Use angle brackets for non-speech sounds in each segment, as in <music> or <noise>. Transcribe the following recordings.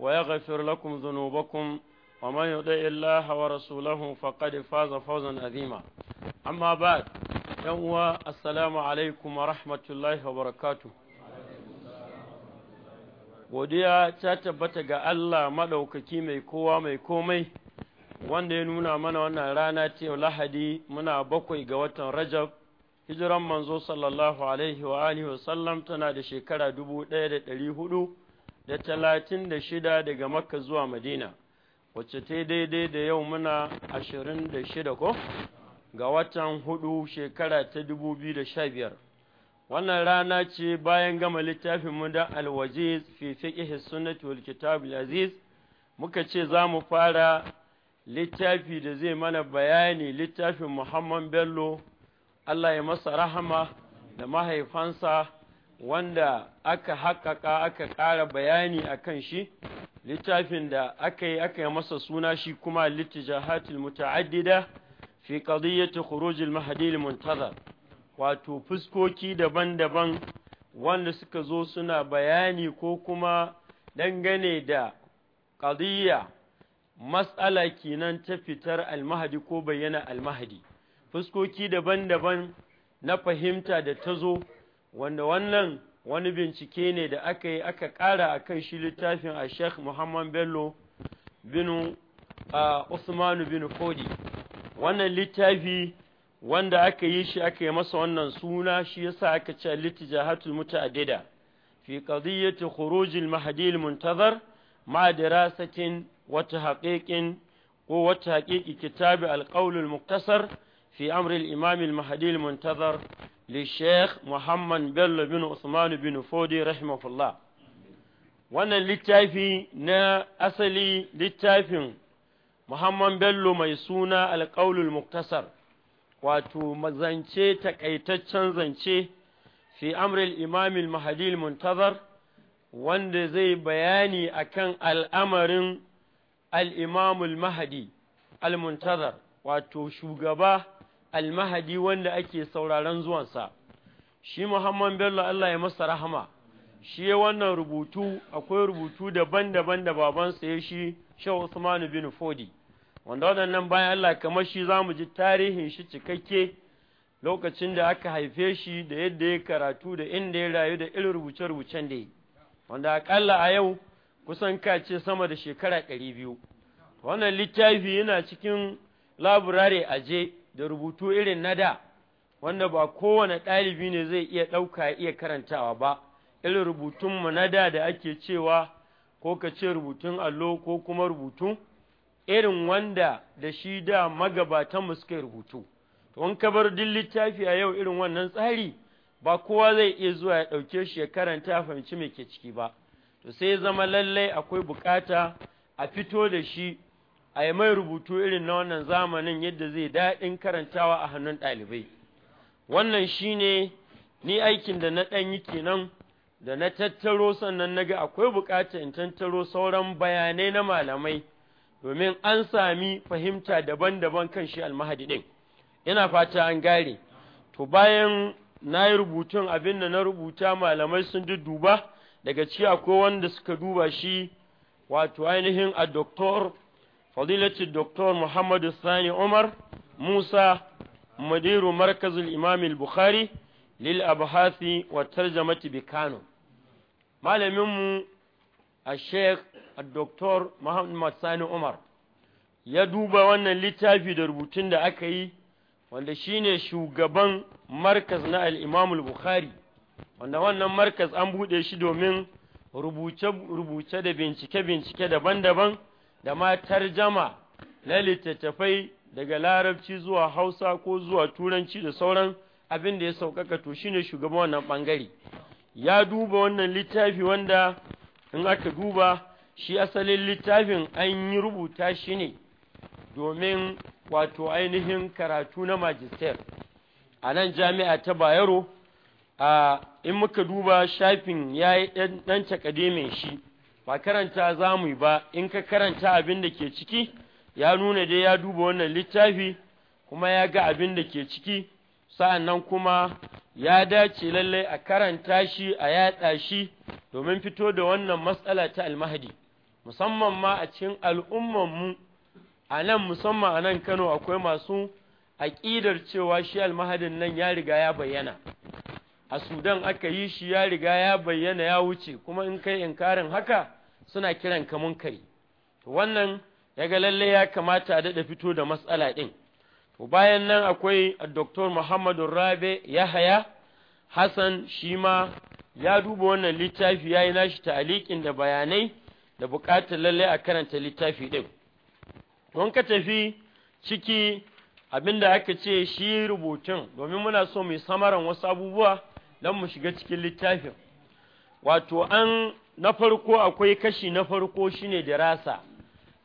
ويغفر لكم ذنوبكم ومن يطع الله ورسوله فقد فاز فوزا عظيما أما بعد يوم السلام عليكم ورحمة الله وبركاته godiya ta tabbata ga Allah maɗaukaki mai kowa mai komai wanda ya nuna mana wannan rana ta lahadi muna bakwai ga watan rajab hijiran manzo sallallahu alaihi wa sallam tana da shekara dubu ɗaya da ɗari hudu da talatin da shida daga makka zuwa madina wacce ta daidai da yau muna ashirin da shida ko ga watan hudu shekara ta dubu biyu da sha biyar wannan rana ce bayan gama littafin mu da alwaje fi fiqh sunnati wal kitab aziz muka ce za mu fara littafi da zai mana bayani littafin muhammad bello Allah ya masa rahama da mahaifansa wanda aka haƙaƙa aka ƙara bayani a kan shi littafin da aka yi aka yi masa suna shi kuma littijahatul muta'addida fi qadiyyati khurujil mahdi muntazar wato fuskoki daban-daban wanda suka zo suna bayani ko kuma dangane da qadiyya mas'ala kenan ta fitar almahdi ko bayyana almahdi fuskoki daban-daban na fahimta da ta zo wanda wannan wani bincike ne da aka yi aka ƙara a kan shi littafin a sheikh muhammad bello binu a usmanu binu fodi wannan littafi wanda aka yi shi aka yi masa wannan suna shi yasa aka ce a muta'addida fi qadiyyati khurujil mahdi al muntazar ma dirasatin wa ko wata tahqiqi kitab al muktasar fi amr al imam al mahdi al muntazar للشيخ محمد بل بن عثمان بن فودي رحمه الله wannan littafi na asali littafin muhamman Bello mai suna alƙaulul muktasar wato zance takaitaccen zance fi amril imamil mahadil muntazar wanda zai bayani akan al'amarin al'imamul mahadi al wato shugaba almahadi wanda ake sauraron zuwansa shi muhammad bello Allah ya masa rahama shi wannan rubutu akwai rubutu daban-daban da babansa ya shi Shehu Usmanu bin Fodi wanda waɗannan bayan Allah kamar shi zamu ji tarihin shi cikakke lokacin da aka haife shi da yadda ya karatu da inda ya rayu da irin rubuce-rubucen da ya wanda akalla a yau kusan kace sama da shekara ɗari biyu wannan littafi yana cikin laburare aje da rubutu irin na da wanda ba kowane ɗalibi ne zai iya ɗauka ya iya karantawa ba irin rubutunmu na da da ake cewa ko ka ce rubutun allo ko kuma rubutu irin wanda da shi da mu suka rubutu to in ka bar duk littafi a yau irin wannan tsari ba kowa zai iya zuwa ya ɗauke shi ya karanta fahimci me ke ciki ba to sai zama lallai akwai bukata a fito da shi a yi mai rubutu irin na wannan zamanin yadda zai daɗin karantawa a hannun ɗalibai wannan shi ne ni aikin da na ɗan yi kenan da na tattaro sannan na ga akwai buƙata in tattaro sauran bayanai na malamai domin an sami fahimta daban-daban kan shi almahadi ɗin ina fata an gare to bayan na yi rubutun abin da na rubuta malamai sun duba daga ci akwai wanda suka duba shi wato ainihin a doktor fadilati doktor muhammadu sani umar musa madiru markazul imam bukhari lil abhasi wa tarjamati bi kano malaminmu a sheikh doktor muhammad sani umar ya duba wannan littafi da rubutun da aka yi wanda shine shugaban markas na al'imamul bukhari wanda wannan markaz an buɗe shi domin rubuce-rubuce da bincike-bincike daban-daban da ma tarjama na littattafai daga larabci zuwa hausa ko zuwa turanci da sauran abin da ya sauƙaƙa to shi ne shugaban wannan ɓangare ya duba wannan littafi wanda in aka duba shi asalin littafin an yi rubuta shi ne domin wato ainihin karatu na majistar a nan jami'a ta bayero a in muka duba shafin ya yi ɗan takade mai shi ba karanta za mu yi ba in ka karanta abin da ke ciki ya nuna dai ya duba wannan littafi kuma ya ga abin da ke ciki sa'annan kuma ya dace lallai a karanta shi a yaɗa shi domin fito da wannan matsala ta almahadi musamman ma a cikin al'ummanmu a nan musamman a nan kano akwai masu aƙidar cewa shi almahadin nan ya riga ya bayyana a Sudan aka yi shi ya riga ya bayyana ya wuce kuma in kai inkarin haka suna kiran ka munkari to wannan ga lalle ya kamata a dada fito da matsala din to bayan nan akwai Dr. Muhammadu Rabe Yahaya Hassan shima ya duba wannan littafi yi nashi ta'aliqin da bayanai da buƙatar lalle a karanta littafi din don ka tafi ciki da aka ce shi rubutun domin muna so mu samaran wasu abubuwa don mu shiga cikin littafin wato an na farko akwai kashi na farko shine dirasa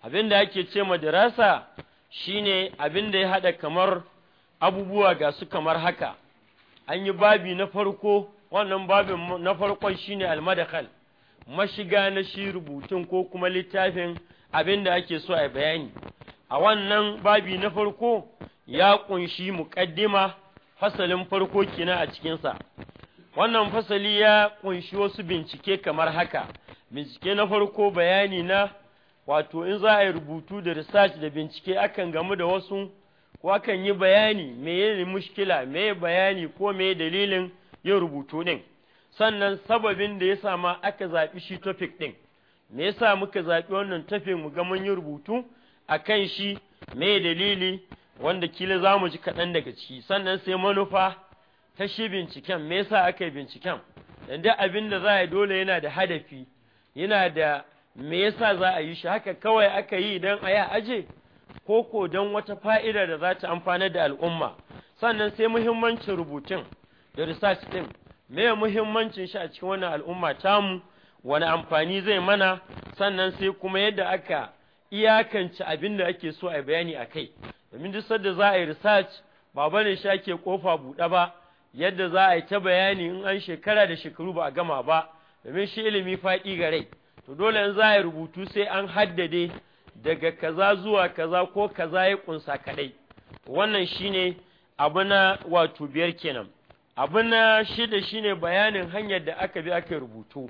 abin da ake ce ma dirasa shine abin da ya haɗa kamar abubuwa ga su kamar haka an yi babi na farko wannan babin na farkon shine almadakal mashiga na shi rubutun ko kuma littafin abin da ake so a bayani a wannan babi na farko ya ƙunshi muƙaddima fasalin farko kina a cikinsa wannan fasali ya kunshi wasu bincike kamar haka bincike na farko bayani na wato in za a yi rubutu da research da bincike akan gamu da wasu ko akan yi bayani meye mushkila meye bayani ko meye dalilin yin rubutu din sannan sababin da ya sama aka zaɓi shi topic din me yasa muka zaɓi wannan topic mu ga mun yi rubutu akan shi meye dalili wanda kila za mu ji kaɗan daga ciki sannan sai manufa ta shi binciken me yasa aka yi binciken dan duk abin da za a yi dole yana da hadafi yana da me yasa za a yi shi haka kawai aka yi dan a yi aje ko ko dan wata fa'ida da za ta amfanar da al'umma sannan sai muhimmancin rubutun da research din me muhimmancin shi a cikin wannan al'umma tamu wani amfani zai mana sannan sai kuma yadda aka iyakance abin da ake so a bayani a kai domin duk sadda za a yi research ba bane shi ake kofa buɗe ba yadda za a yi ta bayani in an shekara da shekaru ba a gama ba domin shi ilimi faɗi ga rai to dole in za a yi rubutu sai an haddade daga kaza zuwa kaza ko kaza ya kunsa kaɗai wannan shine abu na wato biyar kenan abu na shida shine bayanin hanyar da aka bi aka rubutu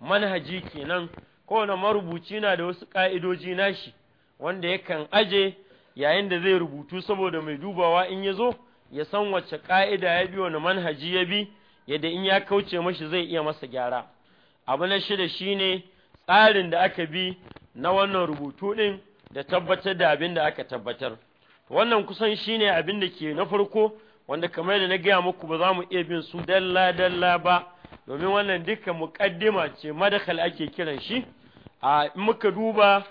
manhaji kenan kowane marubuci na da wasu ka'idoji nashi wanda yakan aje yayin da zai rubutu saboda mai dubawa in ya zo ya san wacce ƙa'ida ya bi wani manhaji ya bi yadda in ya kauce mashi zai iya masa gyara abu na shida ne tsarin da aka bi na wannan rubutu ɗin da tabbatar da abin da aka tabbatar wannan kusan shi ne abin da ke na farko wanda kamar da na gaya muku ba za mu iya bin su dalla dalla ba domin wannan duka muƙaddima ce madakal ake kiran shi a in muka duba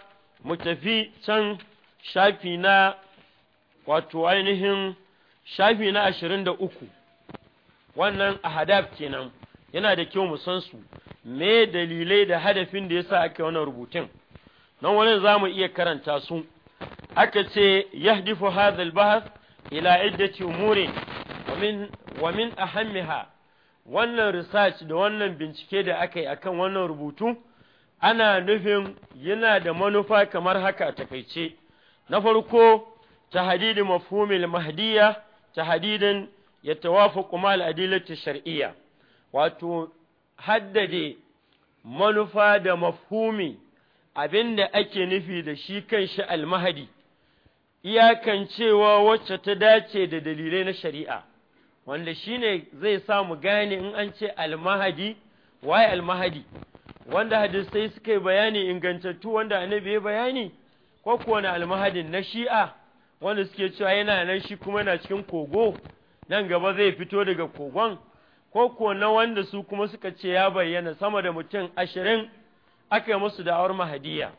mu tafi can shafi na wato ainihin shafi na ashirin da uku wannan ahadab kenan yana da kyau mu san su me dalilai da hadafin da yasa aka wannan rubutun nan wurin za mu iya karanta su aka ce yahdifu hadha al-bahth ila iddati min ومن ومن أهمها wannan research da wannan bincike da aka yi akan wannan rubutu ana nufin yana da manufa kamar haka a takaice na farko tahdidi mafhumil mahadiyya. tahdidan yatawafaqu mal adillati shar'iyya wato haddade manufa da mafhumi da ake nufi da shi kan shi almahadi iyakan cewa wacce ta dace da dalilai na shari'a wanda shi ne zai sa mu gane in an ce almahadi waye almahadi wanda hadisai suka yi bayani ingantattu wanda annabi ya bayani ko kuwa na almahadin na shi'a wanda suke cewa yana nan shi kuma yana cikin kogo nan gaba zai fito daga kogon ko ko na wanda su kuma suka ce ya bayyana sama da mutum ashirin aka yi musu da'awar mahadiya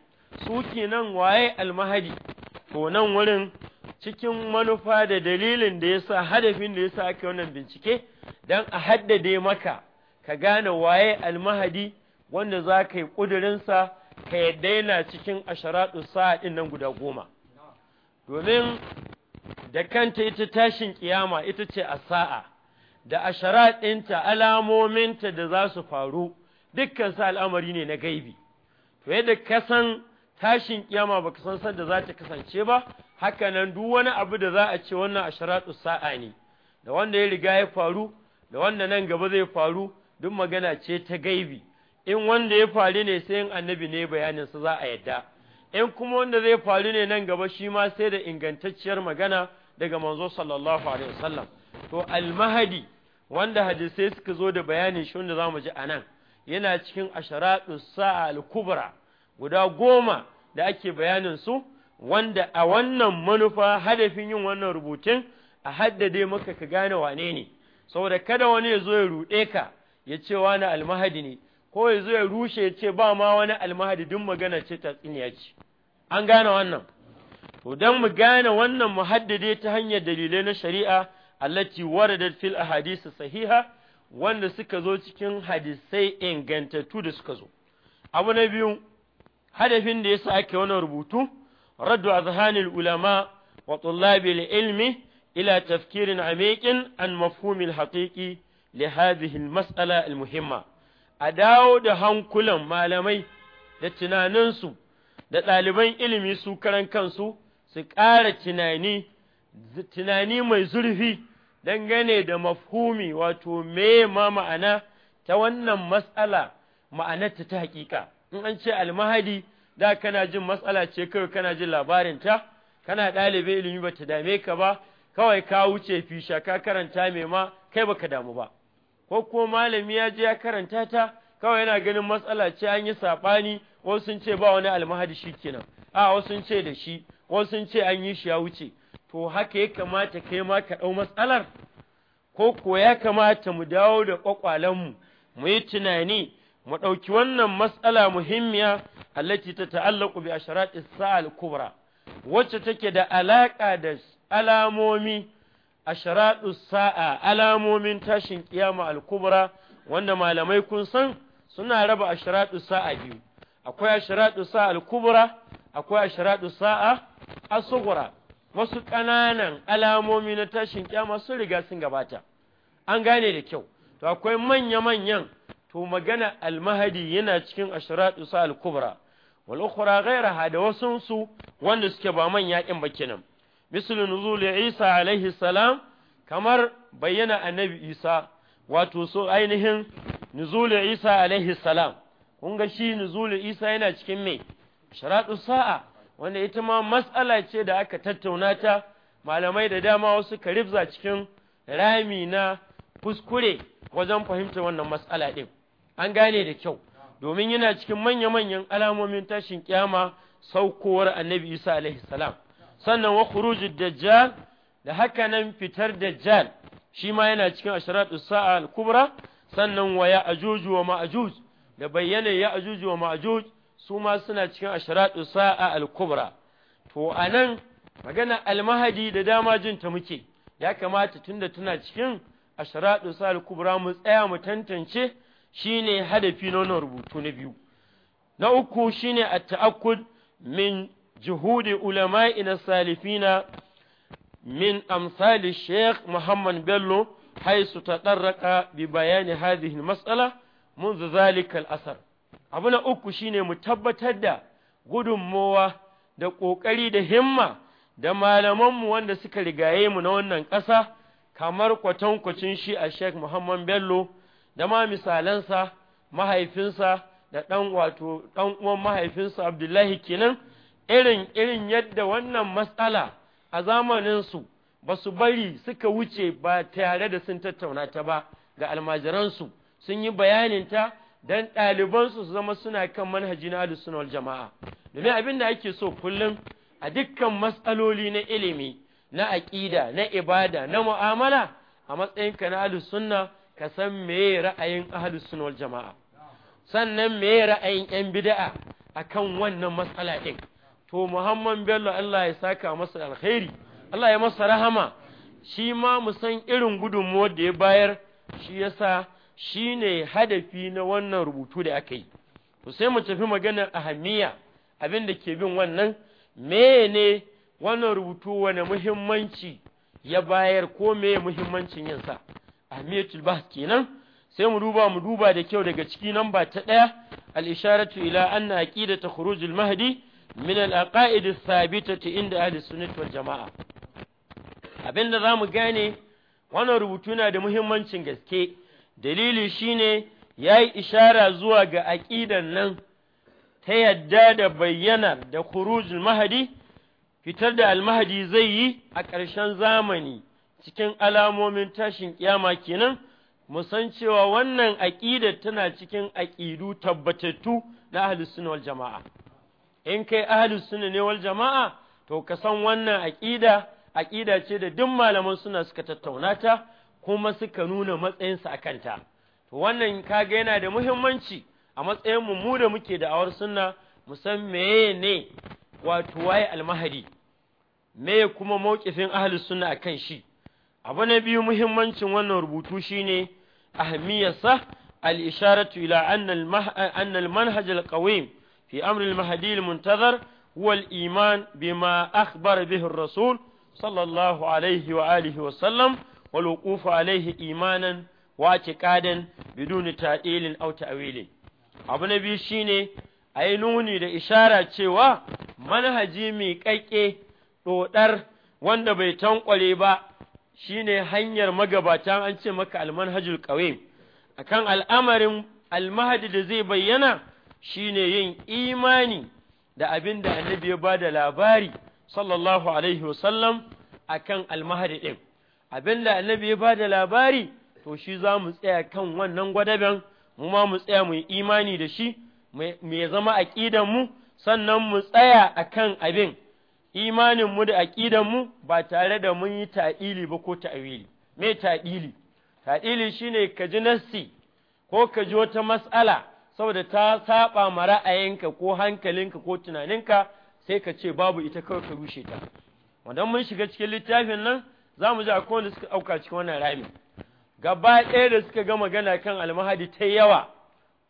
su nan waye almahadi to nan wurin cikin manufa da dalilin da ya sa hadafin da ya sa aka wannan bincike don a haddade maka ka gane waye almahadi wanda za ka yi ƙudurinsa ka yadda yana cikin asharaɗu sa'adin nan guda goma domin da kanta ita tashin kiyama ita ce a sa'a da ashara ɗinta alamominta da za su faru dukkan sa al'amari ne na gaibi to yadda kasan tashin kiyama baka san sanda za ta kasance ba haka nan duk wani abu da za a ce wannan asharatu sa'a ne da wanda ya riga ya faru da wanda nan gaba zai faru duk magana ce ta gaibi in wanda ya faru ne sai in annabi ne bayaninsa za a yadda in kuma wanda zai faru ne nan gaba shi ma sai da ingantacciyar magana daga manzo sallallahu alaihi wasallam to almahadi wanda hadisai suka zo da bayanin shi wanda zamu ji anan yana cikin asharatus sa'a al-kubra guda goma da ake bayanin su wanda a wannan manufa hadafin yin wannan rubutun a haddade maka ka gane wane ne saboda kada wani ya zo ya ruɗe ka ya ce wani almahadi ne ko ya zo ya rushe ya ce ba ma wani almahadi duk magana ce ta tsiniya ce an gane wannan to dan mu gane wannan mu haddade ta hanyar dalilai na shari'a allati waradat fil ahadith sahiha wanda suka zo cikin hadisai ingantattu da suka zo abu na biyu hadafin da yasa ake wannan rubutu raddu azhanil ulama wa tullabil ilmi ila tafkirin amiqin an mafhumil haqiqi li hadhihi al mas'ala al muhimma a dawo da hankulan malamai da tunaninsu da ɗaliban ilimi su karan kansu su ƙara tunani tunani mai zurfi dangane da mafhumi wato me ma ma'ana ta wannan matsala ma'anarta ta haƙiƙa in an ce almahadi da kana jin matsala ce kawai kana jin labarinta kana ɗalibai ilimi ba ta dame ka ba kawai ka wuce fisha ka karanta mai ma kai baka damu ba ko ko malami ya je ya karanta ta kawai yana ganin matsala ce an yi saɓani wasu sun ce ba wani almahadi shi kenan a wasu sun ce da shi wasu sun ce an yi shi ya wuce to haka ya kamata kai ma ka ɗau matsalar ko ko ya kamata mu dawo da ƙwaƙwalenmu mu yi tunani mu ɗauki wannan matsala muhimmiya allati ta ta'allaku bi asharatis sa'al kubra wacce take da alaƙa da alamomi ashratu sa'a alamomin tashin kiyama al-kubra wanda malamai kun san suna raba ashratu sa'a biyu akwai ashratu sa'a al-kubra akwai ashratu sa'a asugura wasu ƙananan alamomi na tashin kiyama sun riga sun gabata an gane da kyau to akwai manya-manyan to magana al almahadi yana cikin ashratu saa al-kubra wal ukhra ghayraha da wasunsu su wanda suke ba manya din ba kenan mislu nuzul Isa alaihi salam kamar bayyana annabi Isa wato so ainihin nuzul Isa alaihi salam kun ga shi nuzul Isa yana cikin me sharatu sa'a wanda ita ma mas'ala ce da aka tattauna ta malamai da dama wasu karibza cikin rami na kuskure wajen fahimtar wannan mas'ala din an gane da kyau domin yana cikin manya-manyan alamomin tashin kyama saukowar annabi Isa alaihi salam sannan wa khurujud dajjal da haka nan fitar dajjal shi ma yana cikin asharatu sa'a al-kubra sannan wa ya'juj wa ma'juj da bayyana ya'juj wa ma'juj su ma suna cikin asharatu sa'a al-kubra to anan magana al-mahdi da dama jin ta muke ya kamata tunda tana cikin asharatu sa'a al-kubra mu tsaya mu tantance shine hadafi na rubutu na biyu na uku shine at-ta'akkud min جهود علمائنا السالفين من أمثال الشيخ محمد بلو حيث تطرق ببيان هذه المسألة منذ ذلك الأثر أبنا أكو شيني متبتد mu tabbatar da ƙoƙari da himma da malamanmu wanda suka rigaye mu na wannan ƙasa kamar kwatankwacin shi a Sheikh Muhammad Bello da ma misalansa mahaifinsa da ɗan uwan mahaifinsa Abdullahi kenan irin irin yadda wannan matsala a zamaninsu ba su bari suka wuce ba tare da sun tattauna ta ba ga almajiransu sun yi bayaninta don ɗalibansu su zama suna kan manhaji na alusunan jama'a domin abin da ake so kullum a dukkan matsaloli na ilimi na aƙida na ibada na mu'amala a matsayinka na alisunna ka san meye ra'ayin ahalussunan jama'a sannan meye ra'ayin 'yan bida'a a kan wannan matsala ɗin to muhammad bello Allah ya saka masa alkhairi Allah ya masa rahama shi ma mu san irin gudunmuwar da ya bayar shi yasa shi ne hadafi na wannan rubutu da aka yi to sai mu tafi maganar ahamiya abin da ke bin wannan mene wannan rubutu wani muhimmanci ya bayar ko me muhimmancin yinsa ahamiyatul bah kenan sai mu duba mu duba da kyau daga ciki namba ta ɗaya al-isharatu ila anna aqidatu khurujul mahdi min al-aqaid as-sabitati inda ahli sunnah wal jama'a abinda mu gane wannan rubutu na da muhimmancin gaske dalili shine yayi ishara zuwa ga aƙidar nan ta yadda da bayyana da khurujul mahdi fitar da almahdi zai yi a ƙarshen zamani cikin alamomin tashin kiyama kenan mu san cewa wannan aƙidar tana cikin aƙidu tabbatattu na ahlus jama'a in kai ahlus sunna ne wal jama'a to ka san wannan aqida aqida ce da duk malaman suna suka tattauna ta kuma suka nuna matsayinsa a kanta to wannan kaga yana da muhimmanci a matsayin mu mu da muke da awar sunna mu san meye ne wato waye almahadi meye kuma mawqifin ahlus sunna akan shi abu na biyu muhimmancin wannan rubutu shine sa al-isharatu ila anna al-manhaj al-qawim في أمر المهدي المنتظر هو الإيمان بما أخبر به الرسول صلى الله عليه وآله وسلم والوقوف عليه إيمانا واعتقادا بدون تعديل أو تأويل abu na biyu shine a yi nuni da ishara cewa manhaji mai ƙaƙe ɗoɗar wanda bai tankwale ba shine hanyar magabata an ce maka almanhajul ƙawim akan al'amarin almahadi da zai bayyana Shi ne yin imani da abin da annabi ya ba da labari sallallahu alaihi wasallam a kan almahadi ɗin abin da annabi ya ba da labari to shi za mu tsaya kan wannan gwadaben mu ma mu tsaya mu yi imani da shi mai zama aƙidanmu sannan mu tsaya a kan abin imaninmu da mu ba tare da mun yi ta'ili ba ko ta'awili me ta'ili ta'ili shine ka ji nassi ko ka ji wata mas'ala saboda ta saba ma ra'ayinka ko hankalinka ko tunaninka sai ka ce babu ita kawai ka rushe ta wadan mun shiga cikin littafin nan za mu ji a kowane suka auka cikin wannan rami gaba ɗaya da suka ga magana kan almahadi ta yawa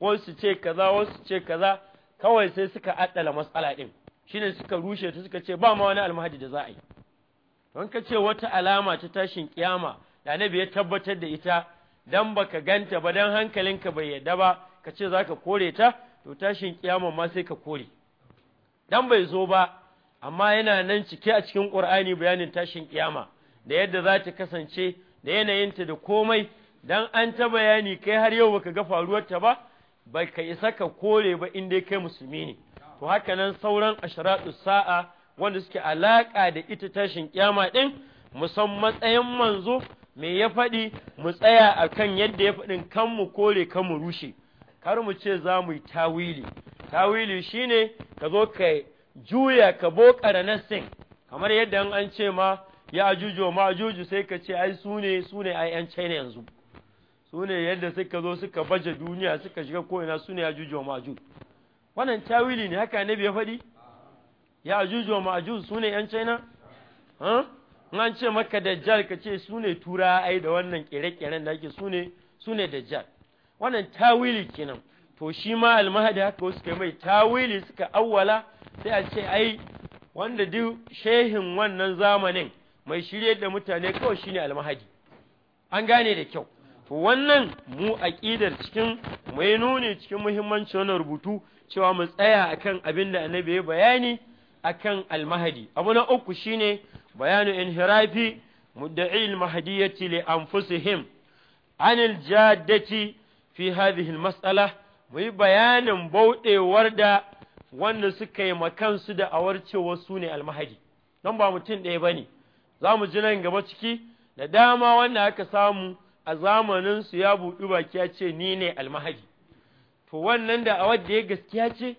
wasu ce kaza wasu ce kaza kawai sai suka addala matsala ɗin shine suka rushe ta suka ce ba ma wani almahadi da za a yi don ka ce wata alama ta tashin kiyama da annabi ya tabbatar da ita dan baka ganta ba dan hankalinka bai yadda ba ka ce za ka kore ta to tashin kiyama ma sai ka kore dan bai zo ba amma yana nan cike a cikin ƙur'ani bayanin tashin kiyama da yadda za ta kasance da yanayinta da komai dan an ta bayani kai har yau baka ga faruwarta ba bai ka isa ka kore ba in dai kai musulmi ne to haka nan sauran asharatu sa'a wanda suke alaka da ita tashin kiyama din musan matsayin manzo me ya faɗi mu tsaya akan yadda ya faɗin kan mu kore kan mu rushe har mu ce za mu yi tawili tawili shine ka zo ka juya ka bokara sin kamar yadda an ce ma ya ajuju ma ajuju sai ka ce ai su ne su ne ai yan China yanzu su ne yadda suka zo suka baje duniya suka shiga ko'ina su ne ya juju ma ajuju wannan tawili ne haka annabi ya faɗi ya ajuju ma ajuju su ne yan China in an ce maka dajjal ka ce su ne tura ai da wannan kere-keren da ake su ne su ne dajjal wannan tawili kenan to shi ma almahadi haka wasu kai mai tawili suka awwala sai a ce ai wanda duk shehin wannan zamanin mai shirye da mutane kawai shine almahadi an gane da kyau to wannan mu aqidar cikin mai nuni cikin muhimmancin wannan rubutu cewa mu tsaya akan abin da annabi ya bayani akan almahadi abu na uku shine bayanu inhirafi mudda'il mahdiyati li anfusihim anil jaddati fi hadhihi mas'ala mu yi bayanin bauɗewar da wanda suka yi makansu da awarcewa su ne almahadi don ba mutum ɗaya ba ne za mu ji nan gaba ciki da dama wanda aka samu a zamanin su ya buɗu baki ya ce ni ne almahadi to wannan da awar da ya gaskiya ce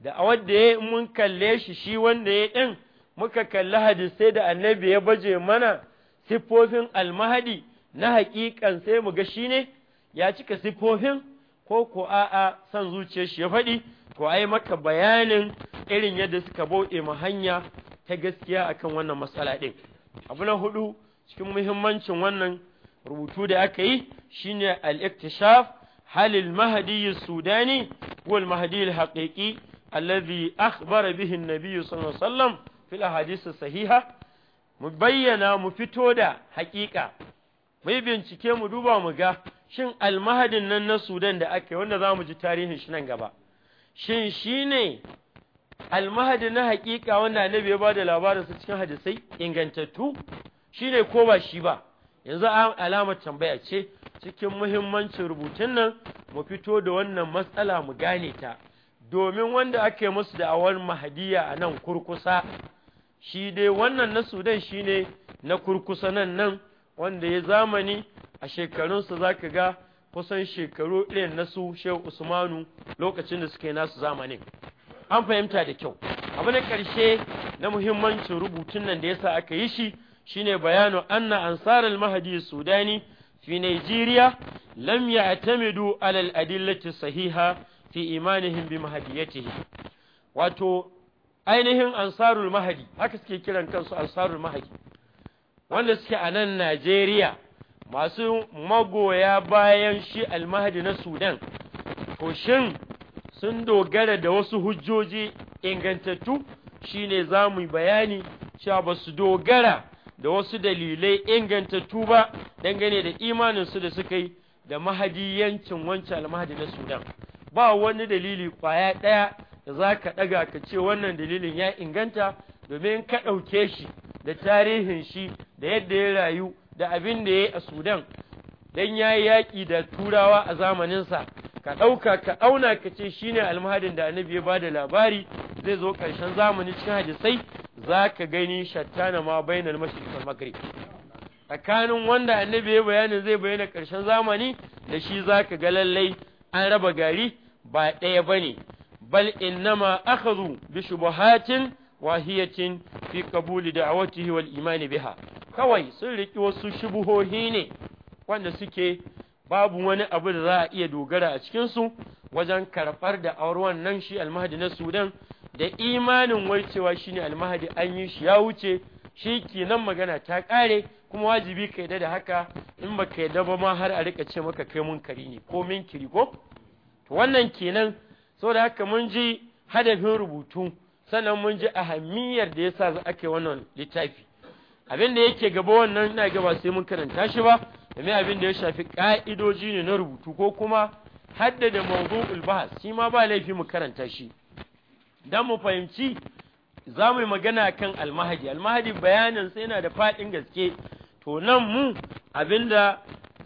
da awar da ya mun kalle shi shi wanda ya ɗin muka kalli hadisai da annabi ya baje mana siffofin almahadi na haƙiƙan sai mu ga shi ne ya cika siffofin ko ko a'a son zuciyar shi ya faɗi to ai maka bayanin irin yadda suka bauɗe ma hanya ta gaskiya akan wannan matsala ɗin abu na hudu cikin muhimmancin wannan rubutu da aka yi shine al-iktishaf halil mahdi sudani wal mahdi al-haqiqi alladhi akhbara bihi an-nabi sallallahu alaihi wasallam fil ahadith sahiha mu bayyana mu fito da haƙiƙa mu bincike mu duba mu ga shin almahadin nan na Sudan da aka wanda za mu ji tarihin shi nan gaba, shin shi ne almahadin na haƙiƙa wanda annabi ya ba da labarinsa cikin hadisai ingantattu shi ne ko ba shi ba, yanzu an alamar tambaya ce cikin muhimmancin rubutun nan mu fito da wannan matsala mu gane ta, domin wanda aka musu da awar mahadiya a nan kurkusa, shi dai wannan na Sudan shi ne na kurkusa nan nan wanda ya zamani a shekarunsa za ka ga kusan shekaru irin na su shehu usmanu lokacin da suka yi nasu zamanin an fahimta da kyau abu na ƙarshe na muhimmancin rubutun nan da sa aka yi shi shine bayanu anna ansarar mahadi sudani fi nigeria lam ya'tamidu ala alal adillati sahiha fi imanihim bi mahdiyatihi wato ainihin ansarul mahadi haka suke kiran kansu ansarul mahadi wanda suke a nan Najeriya masu magoya bayan shi almahadi na Sudan ko shin sun dogara da wasu hujjoji ingantattu shi ne za mu bayani cewa ba su dogara da wasu dalilai ingantattu ba dangane da imaninsu da suka yi da mahadiyancin wancan almahadi na Sudan ba wani dalili kwaya ɗaya da za ka ɗaga ka ce wannan dalilin ya inganta domin ka ɗauke shi da tarihin shi da yadda ya rayu da abin da ya yi a Sudan dan ya yi yaƙi da turawa a zamaninsa ka ɗauka ka auna ka ce shine almahadin da annabi ya bada labari zai zo ƙarshen zamani cikin hadisai za ka gani shattana ma bainal mashriq wal maghrib tsakanin wanda annabi ya bayanin zai bayyana ƙarshen zamani da shi za ka ga lallai an raba gari ba ɗaya ba ne bal innama akhadhu bi shubuhatin wahiyatin fi kabuli awatihi wal imani biha kawai sun riki wasu shubuhohi ne wanda suke babu wani abu da za a iya dogara a cikin su wajen karɓar da auruwan wannan shi almahadi na Sudan da imanin wai cewa ne almahadi an yi shi ya wuce shi kenan magana ta kare kuma wajibi ka yadda da haka in ba ka yadda ba ma har a rika ce maka kai mun kari ne ko min kiri ko wannan kenan saboda haka mun ji hadafin rubutu sannan mun ji ahammiyar da yasa za ake wannan littafi abin da yake gaba wannan ina ga ba sai mun karanta shi ba domin abin da ya shafi ka'idoji ne na rubutu ko kuma haddada mawdu'ul bahas shi ma ba laifi mu karanta shi dan mu fahimci za mu yi magana kan almahadi almahadi bayanin sai yana da faɗin gaske to nan mu abin da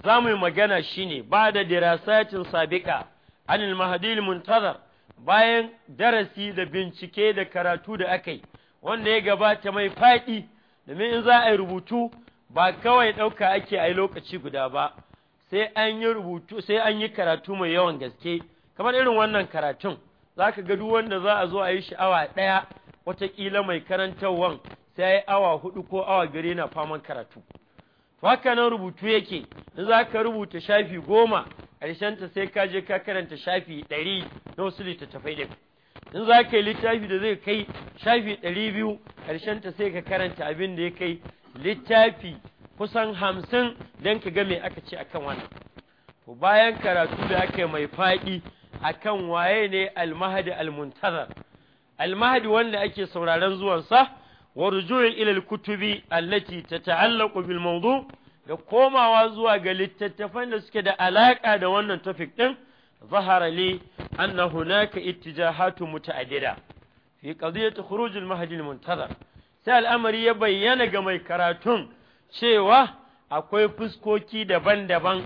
za mu yi magana shine ba da dirasatin sabiƙa an almahadi muntazar bayan darasi da bincike da karatu da aka yi wanda ya gabata mai faɗi domin in za a yi rubutu ba kawai ɗauka ake a yi lokaci guda ba sai an yi rubutu sai an yi karatu mai yawan gaske kamar irin wannan karatun za ka ga duk wanda za a zo a yi shi awa ɗaya watakila mai karantarwan sai ya yi awa hudu ko awa gari na faman karatu to haka nan rubutu yake in za ka rubuta shafi goma ta sai ka je ka karanta shafi ɗari na wasu littattafai da in za ka yi littafi da zai kai shafi ɗari biyu ta sai ka karanta abin da ya kai littafi kusan hamsin don ka ga me aka ce akan wannan to bayan karatu da aka yi mai faɗi akan waye ne almahadi almuntazar almahadi wanda ake sauraron zuwansa warzu'i ilal kutubi allati ta ta'allaku mawdu da komawa zuwa ga littattafan da suke da alaƙa da wannan tafik din zahara li anna hunaka ittijahatu muta'addida fi qadiyat khuruj al mahdi al muntazar sai al'amari ya bayyana ga mai karatun cewa akwai fuskoki daban-daban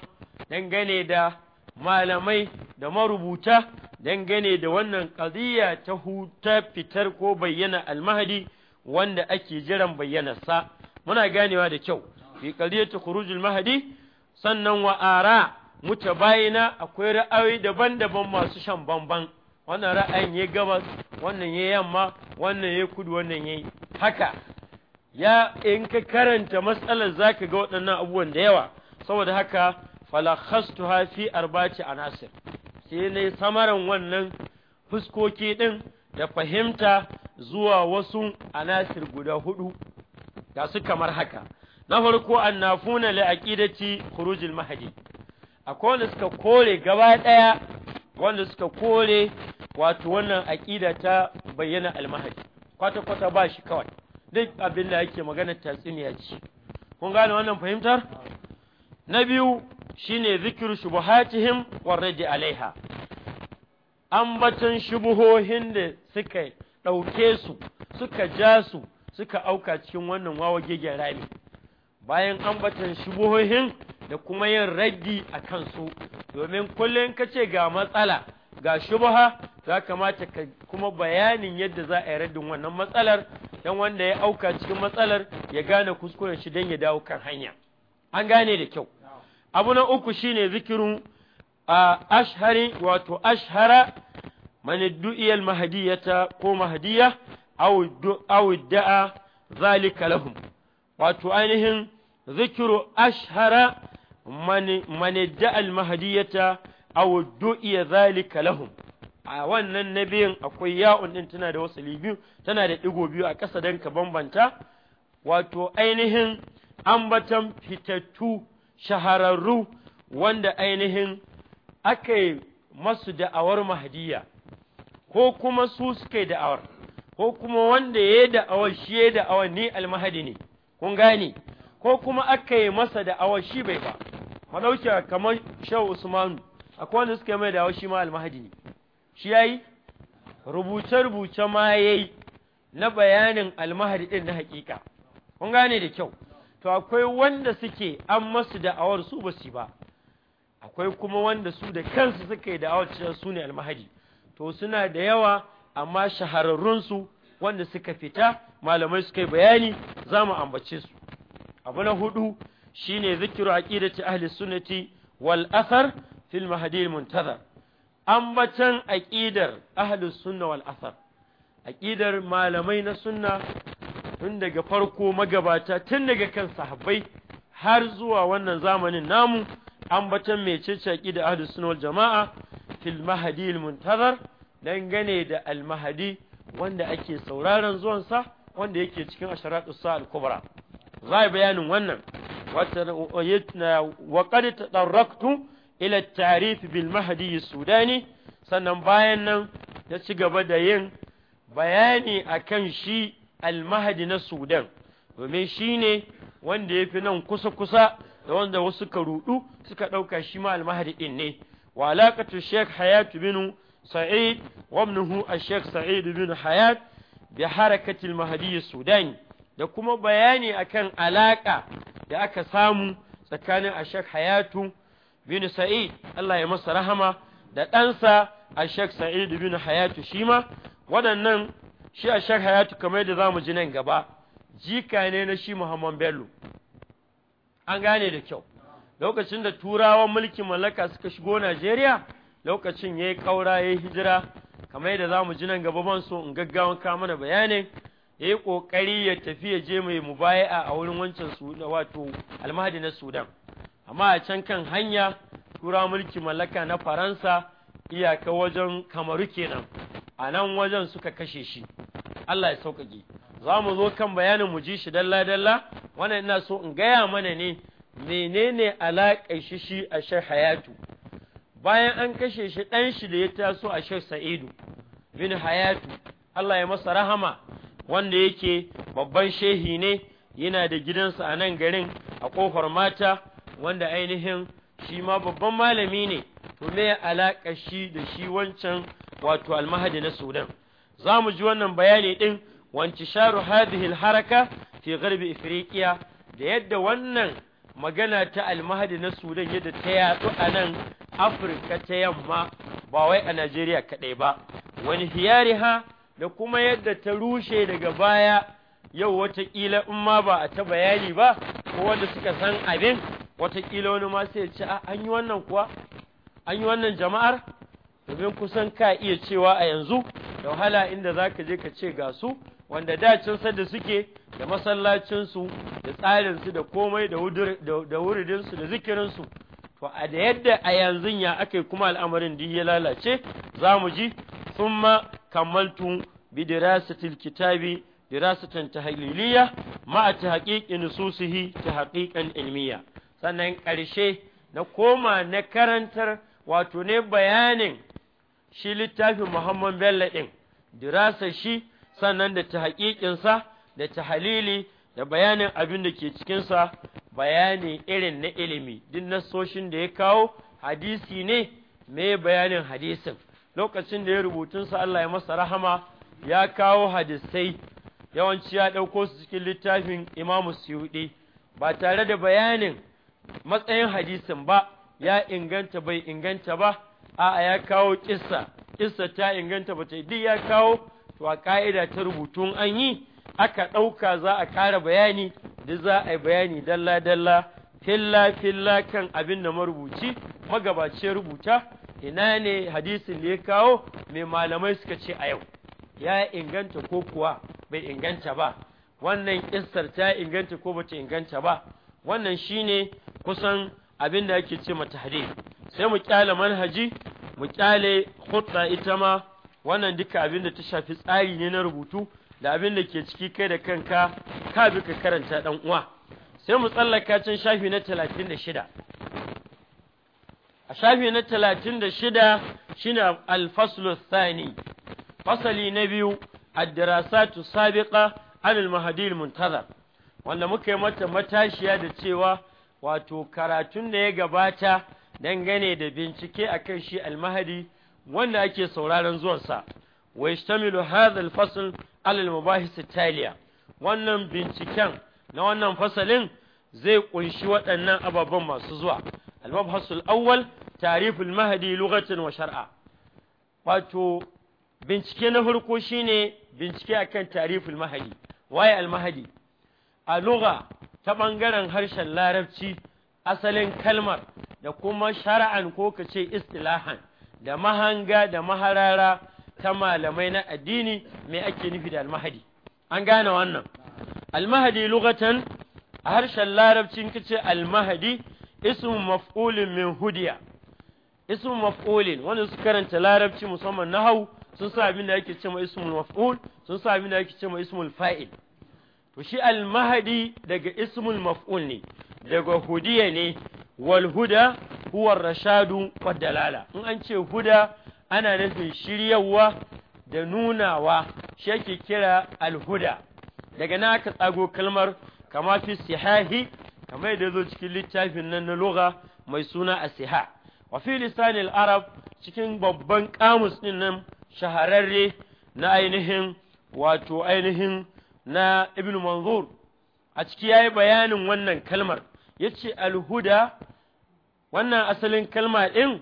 dangane da malamai da marubuta dangane da wannan qadiya ta huta fitar ko bayyana al mahdi wanda ake jiran bayyanarsa muna ganewa da kyau fi qadiyati khurujul mahdi sannan wa ara mutabayina akwai ra'ayi daban-daban masu shan bamban wannan ra'ayin ya gabas wannan ya yamma wannan ya kudu wannan ya haka ya in ka karanta matsalar zaka ga waɗannan abubuwan da yawa saboda haka falakhastuha fi arba'ati anasir sai ne samaran wannan fuskoki din da fahimta zuwa wasu anasir guda hudu Da su kamar haka na farko annafuna li aqidati khurujil mahdi akwai wanda suka kore gaba daya wanda suka kore wato wannan aqida ta bayyana al-mahdi kwata kwata ba shi kawai duk abin da yake magana tatsiniya ce kun gane wannan fahimtar na biyu shine zikru shubuhatihim warradi radd alaiha ambatan shubuhohin da suka ɗauke su suka ja su suka auka cikin wannan wawagegen rami bayan an ambatan shubuhohin da kuma yin raddi a kansu domin kullum ka ce ga matsala ga shubuha za kamata ka kuma bayanin yadda za a yi raddin wannan matsalar don wanda ya auka cikin matsalar ya gane kuskuren shi don ya dawo kan hanya an gane da kyau abu na uku shine zikirin a ashari wato ashara man du'iyal mahdiyata ko mahdiya aw aw da'a zalika lahum wato ainihin zikiru ashhara man man da'a al mahdiyata aw du'iya zalika lahum a wannan na nabiyin akwai ya'un ɗin tana da wasali biyu tana da digo biyu a ƙasa dan ka bambanta wato ainihin ambatan fitattu shahararru wanda ainihin aka masu da'awar mahdiya ko kuma su suka yi da'awar ko kuma wanda ya yi da'awar shi ya da'awar ni almahadi ne kun gane ko kuma aka yi masa da'awar shi bai ba madauke kamar Shehu usmanu akwai wanda suka yi mai da'awar shi ma almahadi ne shi yayi rubuce-rubuce ma yayi na bayanin almahadi din na hakika kun gane da kyau to akwai wanda suke an masu da'awar su ba su ba akwai kuma wanda su da kansu suka yi da'awar cewa su ne almahadi to suna da yawa amma shahararrunsu wanda suka fita malamai suka yi bayani za mu ambace su abu na hudu shine zikiru aqidati ahli sunnati wal athar fil mahdi al muntazar ambatan aqidar ahli sunna wal athar aqidar malamai na sunna tun daga farko magabata tun daga kan sahabbai har zuwa wannan zamanin namu ambatan mecece aqida ahli sunna wal jama'a fil mahadi muntazar dangane da almahadi wanda ake sauraron zuwansa wanda yake cikin asharatus sa al-kubra zai bayanin wannan wa qad tadarraktu ila at-ta'rif bil mahdi sudani sannan bayan nan ya ci gaba da yin bayani akan shi almahadi na sudan domin shi ne wanda yafi nan kusa kusa da wanda wasu ka rudu suka dauka shi ma almahadi mahdi din ne وعلاقة الشيخ حياة بن سعيد وابنه الشيخ سعيد بن حياة بحركة المهدي السوداني da kuma bayani akan alaka da aka samu tsakanin Ashek Hayatu bin Sa'id Allah ya masa rahama da ɗansa Ashek Sa'id bin Hayatu shi ma waɗannan shi Ashek Hayatu kamar da zamu ji nan gaba jika ne na shi Muhammad Bello an gane da kyau lokacin da turawan mulkin mallaka suka shigo Najeriya lokacin yayi kaura yayi hijira kamar yadda zamu ji nan gaba ban so in gaggawan ka mana bayanin yayi kokari ya tafi ya je mai mubaya'a a wurin wancan su wato almahdi na Sudan amma a can kan hanya turawan mulkin mallaka na Faransa iyaka wajen Kamaru kenan a nan wajen suka kashe shi Allah ya sauƙaƙe za mu zo kan bayanin mu ji shi dalla-dalla wannan ina so in gaya mana ne menene alaƙar shi shi a shar hayatu bayan an kashe shi ɗan shi da ya taso a shar sa'idu bin hayatu Allah ya masa rahama wanda yake babban shehi ne yana da gidansa a nan garin a ƙofar mata wanda ainihin shi ma babban malami ne to me alaƙa shi da shi wancan wato almahadi na sudan za mu ji wannan bayani ɗin wanci sharu hadhihi haraka fi gharbi ifriqiya da yadda wannan magana ta almahadi na sudan yadda ta yatsu a nan afirka ta yamma ba wai a najeriya kaɗai ba wani hiyari ha da kuma yadda ta rushe daga baya yau watakila in ma ba a ta bayani ba ko wanda suka san abin watakila wani ma sai ce an yi wannan kuwa an yi wannan jama'ar domin kusan ka iya cewa a yanzu da wahala inda za ka je ka ce ga su wanda da can sanda suke da masallacinsu da tsarinsu da komai da wuridinsu da zikirinsu to a da yadda a yanzu ya aka kuma al'amarin duk ya lalace za mu ji sun ma kammaltu bi dirasatil kitabi dirasatan tahliliya ma ta haqiqi nususihi ta haqiqan ilmiya sannan ƙarshe na koma na karantar wato ne bayanin shi littafin Muhammad Bello din dirasar shi sannan da ta haƙiƙinsa da ta tahlili da bayanin abin da ke cikinsa bayani irin na ilimi duk nassoshin da ya kawo hadisi ne me bayanin hadisin lokacin da ya rubutunsa Allah ya masa rahama ya kawo hadisai yawanci ya ɗauko su cikin littafin imamu suyuɗi ba tare da bayanin matsayin hadisin ba ya inganta bai inganta ba a'a ya kawo kissa kissa ta inganta ba ta duk ya kawo wa a ƙa'ida ta rubutun an yi aka ɗauka za a ƙara bayani da za a yi bayani dalla-dalla filla-filla kan abin da marubuci magabaci rubuta ina ne hadisin da ya kawo mai malamai suka ce a yau ya inganta ko kuwa bai inganta ba wannan kissar ta inganta ko bata inganta ba wannan shine kusan abin da ake ce mata hadis sai mu kyale manhaji mu kyale khutba ita ma wannan duka abin da ta shafi tsari ne na rubutu da abin da ke ciki kai da kanka ka bi ka karanta dan uwa sai mu tsallaka can shafi na 36 a shafi na 36 shine al-faslu thani fasali na biyu ad-dirasatu sabiqa an al-mahdi al-muntazar wanda muka yi mata matashiya da cewa wato karatun da ya gabata dangane da bincike akan shi al-mahdi wanda ake sauraron zuwansa wa ishtamilu hadha al-fasl ala al-mubahis taliya wannan binciken na wannan fasalin zai kunshi waɗannan ababen masu zuwa al-mabhas al-awwal ta'rif al-mahdi lughatan wa shar'a wato bincike na farko shine bincike akan ta'rif al-mahdi waye al-mahdi a lugha ta bangaren harshen larabci asalin kalmar da kuma shara'an ko kace istilahan da mahanga da maharara ta malamai na addini mai ake nufi da almahadi an gane wannan almahadi lugatan a harshen larabcin kace almahadi ismu maf'ulin min hudiya ismu maf'ulin wanda su karanta larabci musamman nahau sun sa abin da yake ce ma ismul maf'ul sun sa abin da yake ce ma fa'il to shi almahadi daga ismu maf'ul ne daga hudiya ne wal huda huwa rashadu wa dalala in an ce huda ana nufin shiryawa da nunawa shi ake kira alhuda daga na aka tsago kalmar kama fi sihahi kamar yadda zo cikin littafin nan na lugha mai suna asiha wa fi lisanil arab cikin babban kamus din nan shahararre na ainihin wato ainihin na ibn manzur a ciki yayi bayanin wannan kalmar yace alhuda wannan asalin kalma ɗin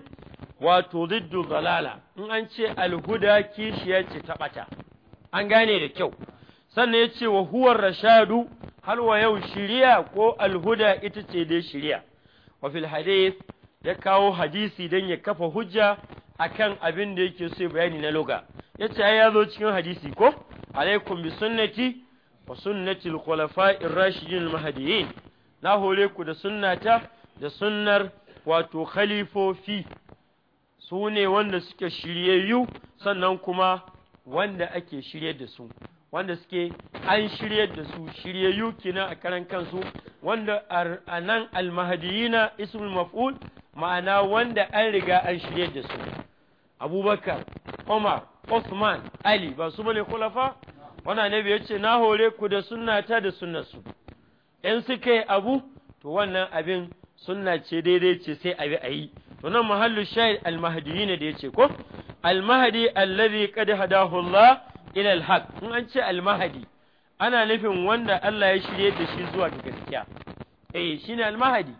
wato ziddu zalala in an ce alhuda kishiya ce ta ɓata an gane da kyau sannan ya ce wa huwar rashadu har wa yau shirya ko alhuda ita ce dai shiriya wa fil hadith ya kawo hadisi don ya kafa hujja akan abin da yake so bayani na loga ya ce ya zo cikin hadisi ko alaikum bi sunnati wa sunnati al-khulafa'ir rashidin al-mahdiyyin na hore ku da sunnata da sunnar wato khalifofi su ne wanda suke shiryayyu sannan kuma wanda ake shirye da su wanda suke an shirye da su shiryayyu kina a karan kansu wanda a nan almahadiyina ismul maf'ul ma'ana wanda an riga an shirye da su abubakar omar Osman, Ali ba su bane kulafa? Wani annabi ya ce, Na hore ku da sunnata da sunnarsu, ‘yan suka yi abu, to wannan abin sunna ce daidai ce sai a bi a yi to nan mahallu shahid almahdi ne da yace ko almahdi allazi qad hadahu Allah ila alhaq in an ce almahdi ana nufin wanda Allah ya shirye da shi zuwa ga gaskiya eh shine almahdi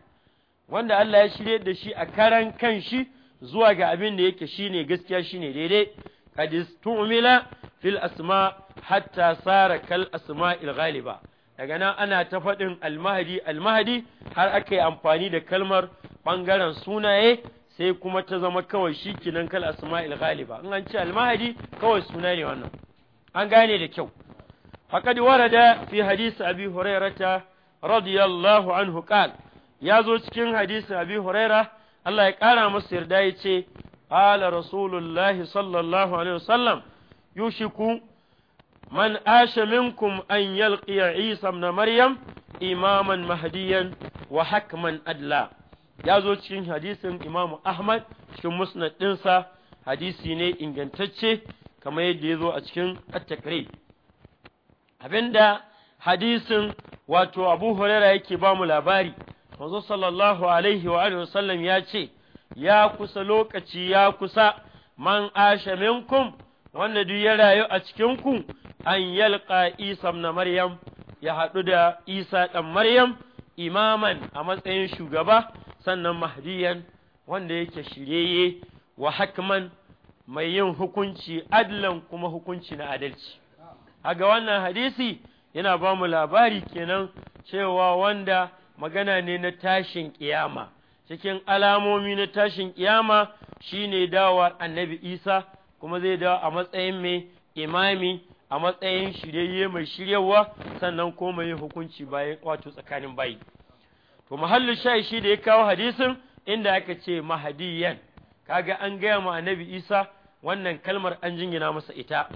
wanda Allah ya shirye da shi a karan kan shi zuwa ga abin da yake shine gaskiya shine daidai qad tu'mila fil asma hatta sara kal asma'il ghaliba daga nan ana ta faɗin almahadi almahadi har aka yi amfani da kalmar ɓangaren sunaye sai kuma ta zama kawai shi kinan kal asma'il ghaliba in an ce almahadi kawai suna ne wannan an gane da kyau faqad warada fi hadisi abi hurairata radiyallahu anhu qal ya zo cikin hadisi abi huraira Allah ya kara masa yarda yace qala rasulullahi sallallahu alaihi wasallam yushiku man asha minkum an yalqiya Isa na Maryam imaman mahdiyan wa hakman adla ya zo cikin hadisin Imam Ahmad cikin musnad ɗinsa hadisi ne ingantacce kamar yadda ya zo a cikin at abinda hadisin wato Abu Hurairah yake bamu labari manzo sallallahu ya ce ya kusa lokaci ya kusa man asha minkum wanda duk ya rayu a cikin ku an yalƙa isa na maryam ya haɗu da isa ɗan maryam imaman a matsayin shugaba sannan mahdiyan wanda yake shiryayye wa hakman mai yin hukunci adlan kuma hukunci na adalci a ga wannan hadisi yana ba mu labari kenan cewa wanda magana ne na tashin ƙiyama cikin alamomi na tashin kiyama shine dawar annabi isa kuma zai dawo a matsayin mai imami a matsayin shiryayye mai shiryawa sannan ko mai hukunci bayan wato tsakanin bayi to mahallin shayi shi da ya kawo hadisin inda aka ce mahadiyan kaga an gaya ma annabi isa wannan kalmar an jingina masa ita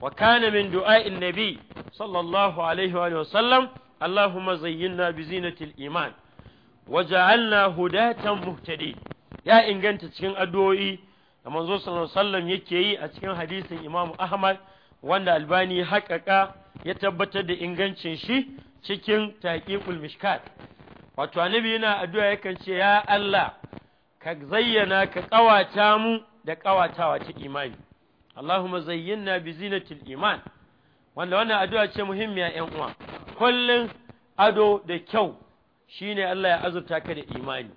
wa kana min du'a'in nabi sallallahu alaihi wa sallam allahumma zayyinna bi zinatil iman ja'alna hudatan muhtadi ya inganta cikin addu'o'i da manzo sallallahu alaihi sallam yake yi a cikin hadisin imamu Ahmad wanda albani haƙaƙa ya tabbatar da ingancin shi cikin taƙiƙul mishkat wato annabi yana addu'a yakan ce ya Allah ka zayyana ka ƙawata mu da ƙawatawa ta imani Allahumma zayyinna bi zinatil iman wanda wannan addu'a ce muhimmiya ƴan uwa kullun ado da kyau shine Allah ya azurta ka da imani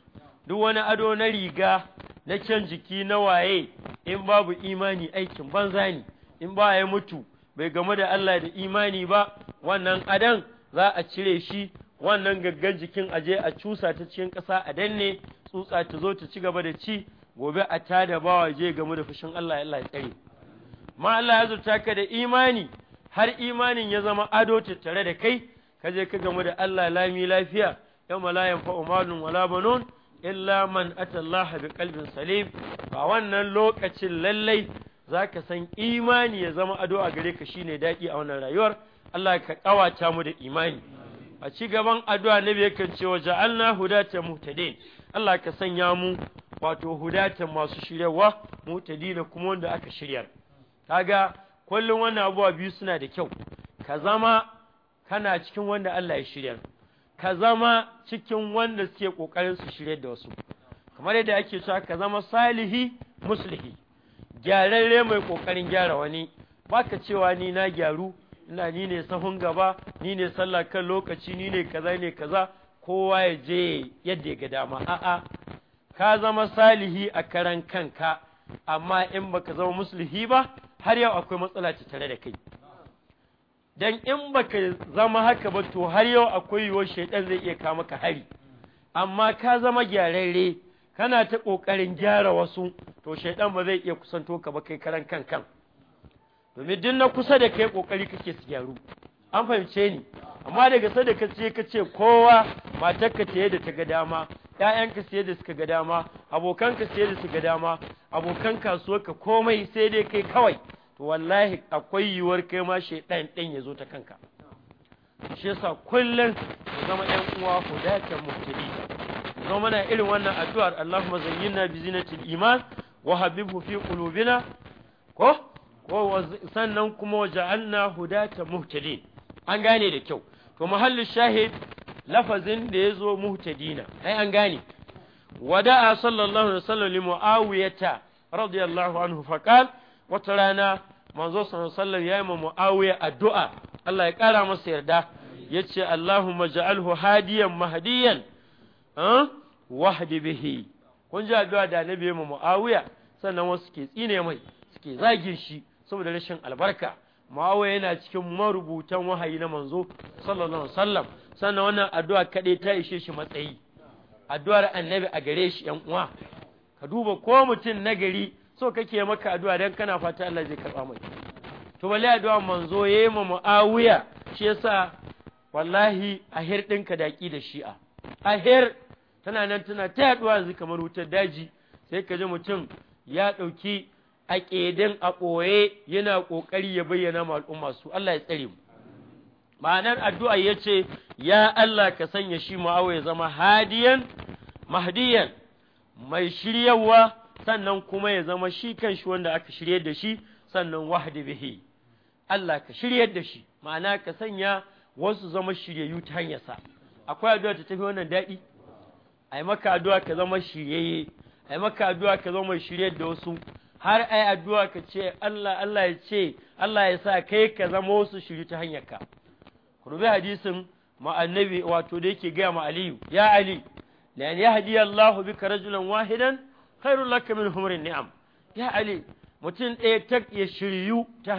duk wani ado na riga na can jiki na waye in babu imani aikin banza ne in ba ya mutu bai game da Allah da imani ba wannan adan za a cire shi wannan gaggan jikin aje a cusa ta cikin ƙasa a danne tsutsa ta zo ta ci gaba da ci gobe a tada bawa je game da fushin Allah Allah ya tsare ma Allah ya zurta ka da imani har imanin ya zama ado tattare da kai ka je ka gamu da Allah lami lafiya yau la yanfa'u malun wala banun illa man atallaha bi qalbin salim Ba wannan lokacin lallai za ka san imani ya zama ado a gare ka shine daɗi a wannan rayuwar Allah ka ƙawata mu da imani a ci gaban addu'a nabi yakan ce wa ja'alna hudata muhtadin Allah ka sanya mu wato hudatan masu shiryawa muhtadina kuma wanda aka shiryar kaga kullum wannan abuwa biyu suna da kyau ka zama kana cikin wanda Allah ya shiryar ka zama cikin wanda suke kokarin su shiryar da wasu kamar yadda ake cewa ka zama salihi muslihi gyararre mai ƙoƙarin gyara wani baka cewa ni na gyaru ina ni ne sahun gaba ni ne sallah kan lokaci ni ne kaza ne kaza kowa ya je yadda ga dama a'a ka zama salihi a karan kanka amma in baka zama musulhi ba har yau akwai matsala ta tare da kai dan in baka zama haka ba to har yau akwai yiwuwar shaidan zai iya ka maka hari amma ka zama gyararre kana ta ƙoƙarin gyara wasu to shaidan ba zai iya kusanto ka ba kai karan kankan domin duk na kusa da kai ƙoƙari kake su gyaru an fahimce ni amma daga sada ka ce ka ce kowa matarka ta yadda ta ga dama ‘ya'yanka sai da suka ga dama abokanka sai da suka dama abokan ka komai sai dai kai kawai to wallahi akwai yiwuwar kai ma shaidan ɗin ya zo ta kanka shi yasa kullum ku zama ‘yan uwa ku dace mutane. zo mana irin wannan addu'ar Allahumma zayyinna bi zinatil iman wa habibhu fi qulubina ko ko sannan kuma waja'alna hudata muhtadin an gane da kyau to mahallu shahid lafazin da ya zo muhtadina ai an gane wada'a sallallahu alaihi wasallam li muawiyata radiyallahu anhu faqal wata rana manzo sallallahu alaihi yayi ma muawiya addu'a Allah ya kara masa yarda yace Allahumma ja'alhu hadiyan mahdiyan wahdi bihi kun ji addu'a da annabi mu muawiya sannan wasu ke tsine mai suke zagin shi saboda rashin albarka muawiya yana cikin marubutan wahayi na manzo sallallahu alaihi wasallam sannan wannan addu'a kaɗai ta ishe shi matsayi addu'ar annabi a gare shi ‘yan uwa, ka duba ko mutum nagari gari so kake maka addu'a dan kana fata Allah zai karɓa mai. To, bale addu'a manzo ya yi ma mu'awiya shi yasa wallahi a ahir ɗinka daƙi da shi'a, a ahir tana nan tana ta yaduwa yanzu kamar wutar daji sai ka ji mutum ya ɗauki a ƙedin a ɓoye yana ƙoƙari ya bayyana ma al'umma su Allah ya tsare mu ma'anar addu'a ya ce ya Allah ka sanya shi ma'awa ya zama hadiyan mahdiyan mai shiryawa sannan kuma ya zama shi kan shi wanda aka shirye da shi sannan wahdi bihi Allah ka shiryar da shi ma'ana ka sanya wasu zama shiryayyu ta hanyarsa akwai addu'a ta tafi wannan daɗi ai maka addu'a ka zama shiryayye ai maka addu'a ka zama shiryar da wasu har ai addu'a ka ce Allah ya ce Allah ya sa kai ka zama wasu shiru ta hanyarka ku rubi hadisin ma annabi wato da yake gaya ma Aliyu ya Ali la an yahdi Allahu bika rajulan wahidan khairul laka min humrin ni'am ya Ali mutum ɗaya tak ya shiryu ta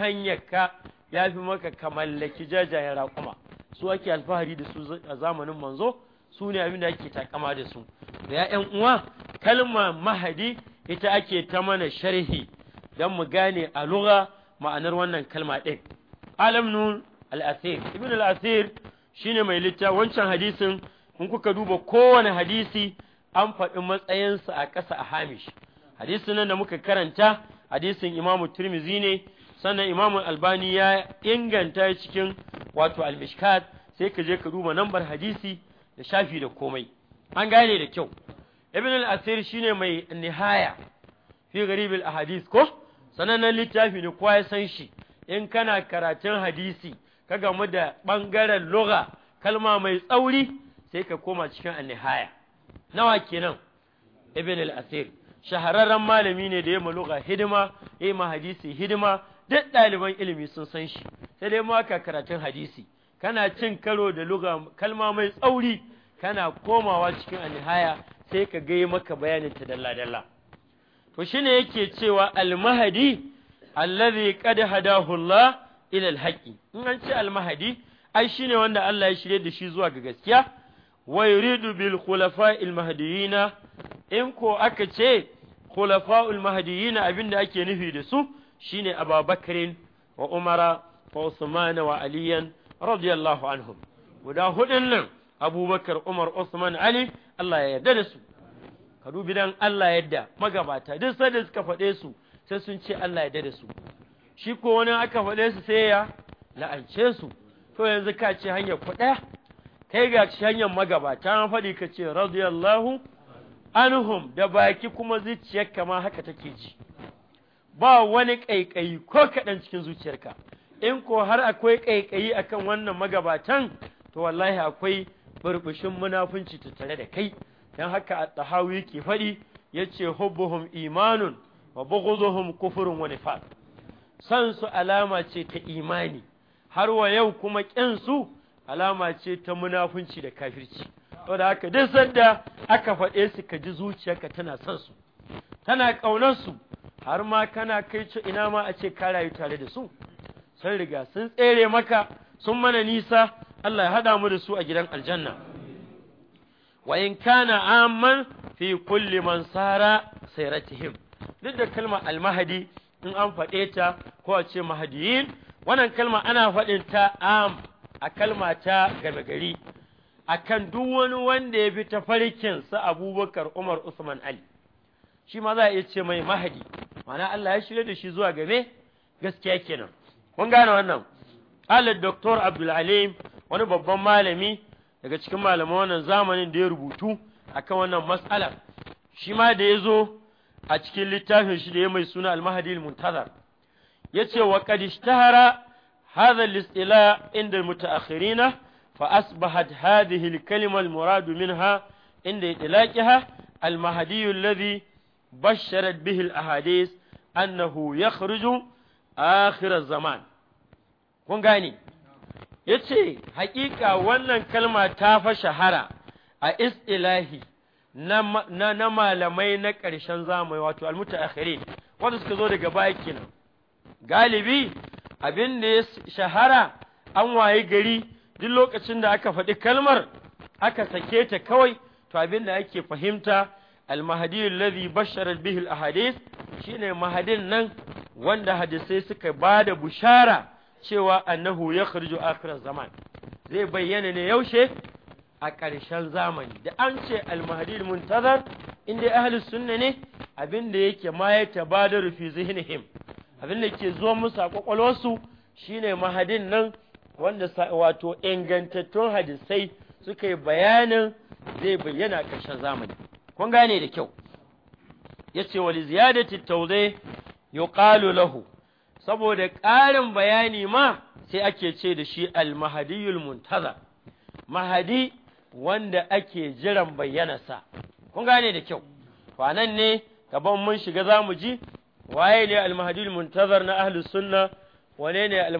ka ya fi maka ka mallaki jajayen raƙuma su ake alfahari da su a zamanin manzo su ne abin da ake takama da su da yayan uwa kalmar mahadi ita ake ta mana sharhi don mu gane a lura ma'anar wannan kalma ɗin alamnun al'asir ibn al'asir shine mai litta wancan hadisin in kuka duba kowane hadisi an faɗi matsayinsa a ƙasa a hamish hadisin nan da muka karanta hadisin imamu turmizi ne sannan imamu albani ya inganta cikin wato almishkat sai ka je ka duba nambar hadisi da shafi da komai an gane da kyau ibn al-asir shine mai nihaya fi al-ahadith ko sanannen littafi ne kowa ya san shi in kana karatun hadisi ka gamu da bangaren lugha kalma mai tsauri sai ka koma cikin nihaya nawa kenan ibn al-asir shahararren malami ne da ya lugha hidima ya ma hadisi hidima duk ɗaliban ilimi sun san shi sai dai ma ka karatun hadisi kana cin karo da luga kalma mai tsauri kana komawa cikin annihaya sai ka gai maka bayanin ta dalla dalla to shine yake cewa almahadi allazi qad hadahu Allah ila alhaqi in an ce al ai shine wanda Allah ya shirye da shi zuwa ga gaskiya wa yuridu bil khulafa'il almahdiyina in ko aka ce khulafa'ul mahdiyina abinda ake nufi da su shine Abubakar wa Umara wa Usman wa Aliyan radiyallahu anhum guda hudun nan abubakar umar usman ali Allah ya yarda da su ka dubi dan Allah yadda magabata duk sai da suka faɗe su sai sun ce Allah ya da su shi ko wani aka faɗe su sai ya la'ance su to yanzu ka ce hanyar kuɗa kai ga hanyar magabata an faɗi ka ce radiyallahu anhum da baki kuma zuciyarka ma haka take ji ba wani ƙaiƙayi ko kaɗan cikin zuciyarka in ko har akwai ƙaiƙayi akan wannan magabatan to wallahi akwai burbushin munafunci tattare da kai Don haka a tahawi ke faɗi ya yace hubbuhum imanun wa bughdhuhum kufurin wa nifaq san su alama ce ta imani har wa yau kuma ƙin su alama ce ta munafunci da kafirci saboda haka duk sanda aka faɗe su ka ji zuciyarka tana son su tana ƙaunar su har ma kana kai ci ina ma a ce ka rayu tare da su sun riga sun tsere maka sun mana nisa Allah ya hada mu da su a gidan aljanna wa in kana amman fi kulli man sara sayratihim duk da kalma almahadi in an faɗe ta ko a ce mahadiyin wannan kalma ana faɗin ta am a kalma ta game gari akan duk wani wanda ya bi farkin sa Abubakar Umar Usman Ali shi ma za a iya ce mai mahadi Mana Allah ya shirya da shi zuwa game gaskiya kenan mun gane wannan alad doktor abdul alim wani babban malami daga cikin malaman wannan zamanin da ya rubutu a kan wannan mas'ala shi ma da ya zo a cikin littafin shi da ya mai suna al-mahdi al-muntazar yace wa qad ishtahara hadha al-istila inda al-mutaakhirina fa asbahat hadhihi al-kalima al-murad minha inda itlaqiha al-mahdi alladhi basharat bihi al-ahadith annahu yakhruju akhirar zaman kun Ya ce haƙiƙa wannan kalma ta fa shahara a istilahi na na malamai na ƙarshen zamani wato almutaakhirin wanda suka zo daga baya kenan galibi abin da ya shahara an waye gari duk lokacin da aka faɗi kalmar aka sake ta kawai to abin da ake fahimta almahdi alladhi bashara bihi alahadith shine mahadin nan wanda hadisai suka ba da bushara cewa annahu ya kharju akhirar zaman zai bayyana ne yaushe a ƙarshen zamani da an ce almahdi muntazar inda ahlus sunna ne abin da yake ma ya tabadaru fi zihnihim abin da ke zo musu a kwakwalwarsu shine mahadin nan wanda wato ingantattun hadisai suka yi bayanin zai bayyana a ƙarshen zamani kun gane da kyau yace wali ziyadati tawdih yuqalu lahu saboda ƙarin bayani ma sai ake ce da shi al muntazar mahadi wanda ake jiran bayyanarsa kun gane da kyau kwanan ne gaban mun shiga zamu ji waye ne al muntazar na ahlus sunna wane ne al